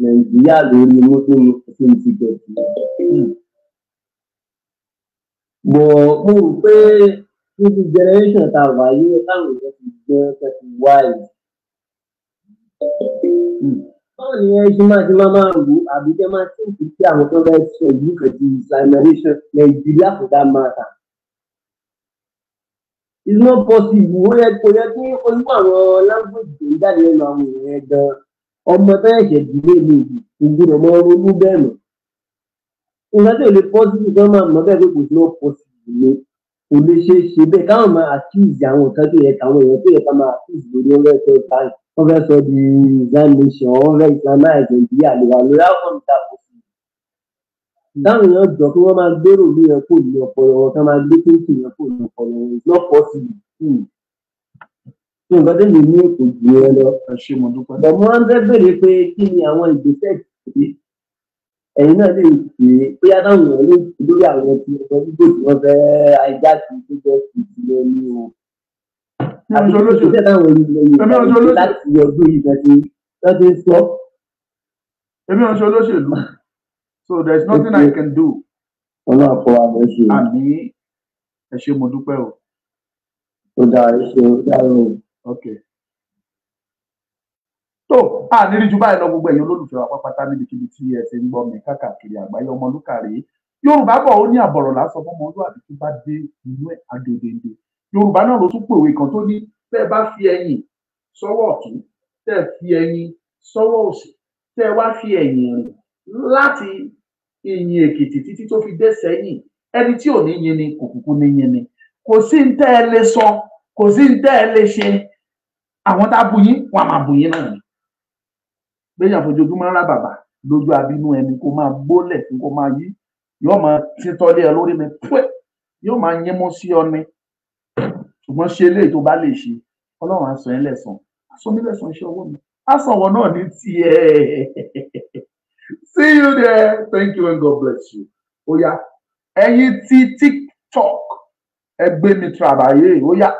nàìjíríà lórí mùsùlùmí fún ti dọ̀tí. bọ̀ mo rò pé níbi generation tá a wà yìí táwọn èèyàn ti gbọ́ ẹ ti wá ẹ̀. báwo ni ẹ ṣe máa ṣe máa máa wò àbí jẹ́ máa tí ò fi sí àwọn tó bá ṣe ìlú kan islamization nàìjíríà kò dá máa tà it's not possible ó yẹ kó yẹ kí olú àwọn language tó ń jáde lẹ́nu àwọn èèyàn yẹn gan ọmọ tó ẹ̀ṣẹ̀ dìde lè kò gbọdọ̀ mọ ronú bẹ́ẹ̀ mọ́ ìgbà tí ò lè possible gan máa mọ bẹ́ẹ̀ pé kò sí not possible ni kò lè ṣeé ṣe bẹ́ẹ̀ káwọn máa accuse àwọn nǹkan tó yẹ káwọn èèyàn tó yẹ ká máa accuse lórí ọ̀rọ̀ ẹ̀ṣẹ̀ ìbáyìí wọ́n fẹ́ sọ di Islam nation wọ́n fẹ́ Islam Nàìjíríà lè wà lórí àwọn ìtàkùn dáhùn yẹn jọ kí wọ́n máa gbèrò lé yẹn kò ní ọpọlọ wọn kí wọ́n máa gbé kéèké yẹn kò ní ọpọlọ wọn it's not possible tó hmm. nǹkan tẹ́lẹ̀ ní èkó jù ẹ lọ. ẹ ṣe mo dúpẹ́. bọ̀ mo máa ń pé kí ni àwọn ìgbésẹ̀ ìgbésẹ̀ ẹ̀yin náà lè ṣe é bóyá táwọn èèyàn lè ṣe lórí àwọn ti ọ̀sán gbogbo tí wọ́n fẹ́ ajá sí tó jẹ́ ìdí lọ ní o. àti ìgbésẹ̀ táwọn ènìyàn yìí láti so there is nothing okay. I can do. Ọlọ́run kọ́ wa lọ ṣe. Àmì ẹ ṣé mo dúpẹ́ o. Ó dáa ẹ ṣé ó dáa o. Ok. Tó a nírí ju báyìí lọ gbogbo ẹ̀yin olólùfẹ́ wa pápátá níbikíbi tí ẹ ti ń gbọ́ mi káàkiri àgbáyé ọmọlúkàrí. Yorùbá bọ̀ ó ní àbọ̀rọ̀ lásán fún ọmọlúwàbí tó bá dé inú ẹ̀ adòdèdè. Yorùbá náà ló tún pòwe kan tó ní tẹ́ bá fi ẹ̀yìn sọ́wọ́ ọ̀tún tẹ́ fi ẹ̀yìn sọ́wọ́ òsì tẹ́ wá fi ẹ̀yìn rìn láti ìyìn èkìtì títí tó fi dé sẹ́yìn ẹni tí ò ní yin ni kò kúkú ní yin ni kò sí ń tẹ́ ẹ lè sọ kò sí ń tẹ́ ẹ lè ṣe àwọn tá a bu yín wọn a máa bu yín náà ni gbẹ̀yìn àfojoojúmọ́ rà bàbà lójú abínú ẹni kó máa gbólẹ̀ fún kó máa yí yóò máa títọ́lé ẹ lórí mi pẹ́ yóò máa yín mú sí ọ ni ṣùgbọ́n ṣe eléyìí tó bá lè ṣe ọlọ́run á sọ ẹ́ lẹ́sàn-án á sọ mí lẹ́sàn-án iṣẹ́ ọwọ́ mi á sọ náà ní tiẹ̀ See you there. Thank you and God bless you. Ó and you see TikTok ẹgbẹ́ mi tìràbàyè ó yá.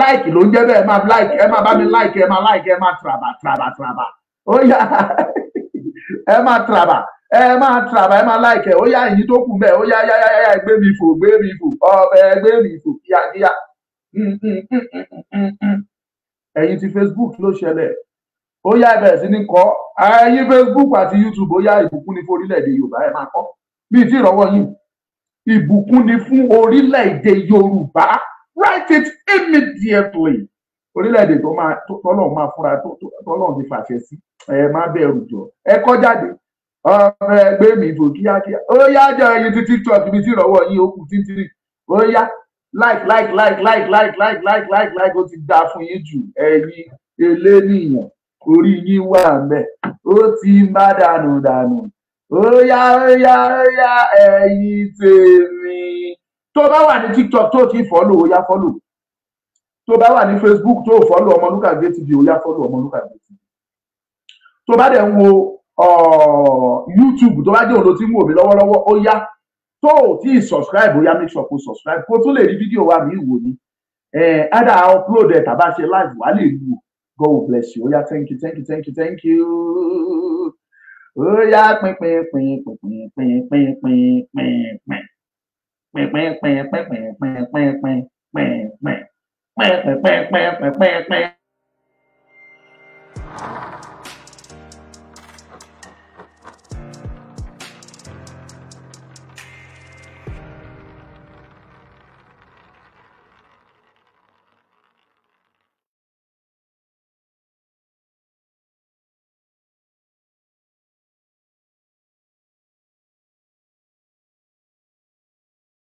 like, ló ń jẹ́ ema máa láìkì ẹ máa bá mi láìkì ẹ máa láìkì ẹ máa tìràbà tìràbà tìràbà ó yá. *laughs* Ẹ máa tìràbà ẹ máa tìràbà ẹ máa láìkì ẹ ó yá èyí tó kù bẹ́ẹ̀ ó yá yá yá yá ẹgbẹ́ mi fò gbé mi fò ọbẹ̀ ẹgbẹ́ mi fò kíákíá. Mm, mm, mm, ẹ̀yin ti Facebook ló ṣẹlẹ̀ ó yá bẹ̀rẹ̀ sí ní kọ́ ayé Facebook àti YouTube ó yá ìbùkún ni fún orílẹ̀-èdè Yorùbá ẹ̀ máa kọ́ bíi tí ìrọ̀wọ́ yìí ìbùkún ni fún orílẹ̀-èdè Yorùbá write it immediately orílẹ̀-èdè tó máa tọ́lọ́run máa fúnra tọ́lọ́run ti fàṣẹ sí ẹ má bẹ̀rù jọ ẹ kọ́ jáde ọ̀rẹ́ ẹgbẹ́ mi ìbò kíákíá ó yá jẹ́ ẹyẹ ti TikTok ibi tí ìrọ̀wọ́ yìí ó kù tíntìrì ó yá like like like like like like like like like ó ti dáa fún yín jù ẹ̀yin eléníyàn orí yín wà ńbẹ̀ ó ti má dànù dànù óyá óyá óyá ẹ̀yin tèmi tó bá wà ní tiktok tó ti fọ́lò óyá fọ́lò tó bá wà ní facebook tó fọ́lò Ọmọlúkà Gate TV óyá fọ́lò Ọmọlúkà Gate TV tó bá dẹ̀ ń wo youtube tó bá jẹ́ òun ló ti ń wò mí lọ́wọ́lọ́wọ́ óyá tó ò tí subscribe óyá make sure kó subscribe kó tó lè rí fídíò wa mi wò ní ẹ̀ẹ́dà upload ẹ̀ tàbá ṣe live wà lè wò God bless you. Oh, yeah, thank you, thank you, thank you, thank you. Oh, yeah.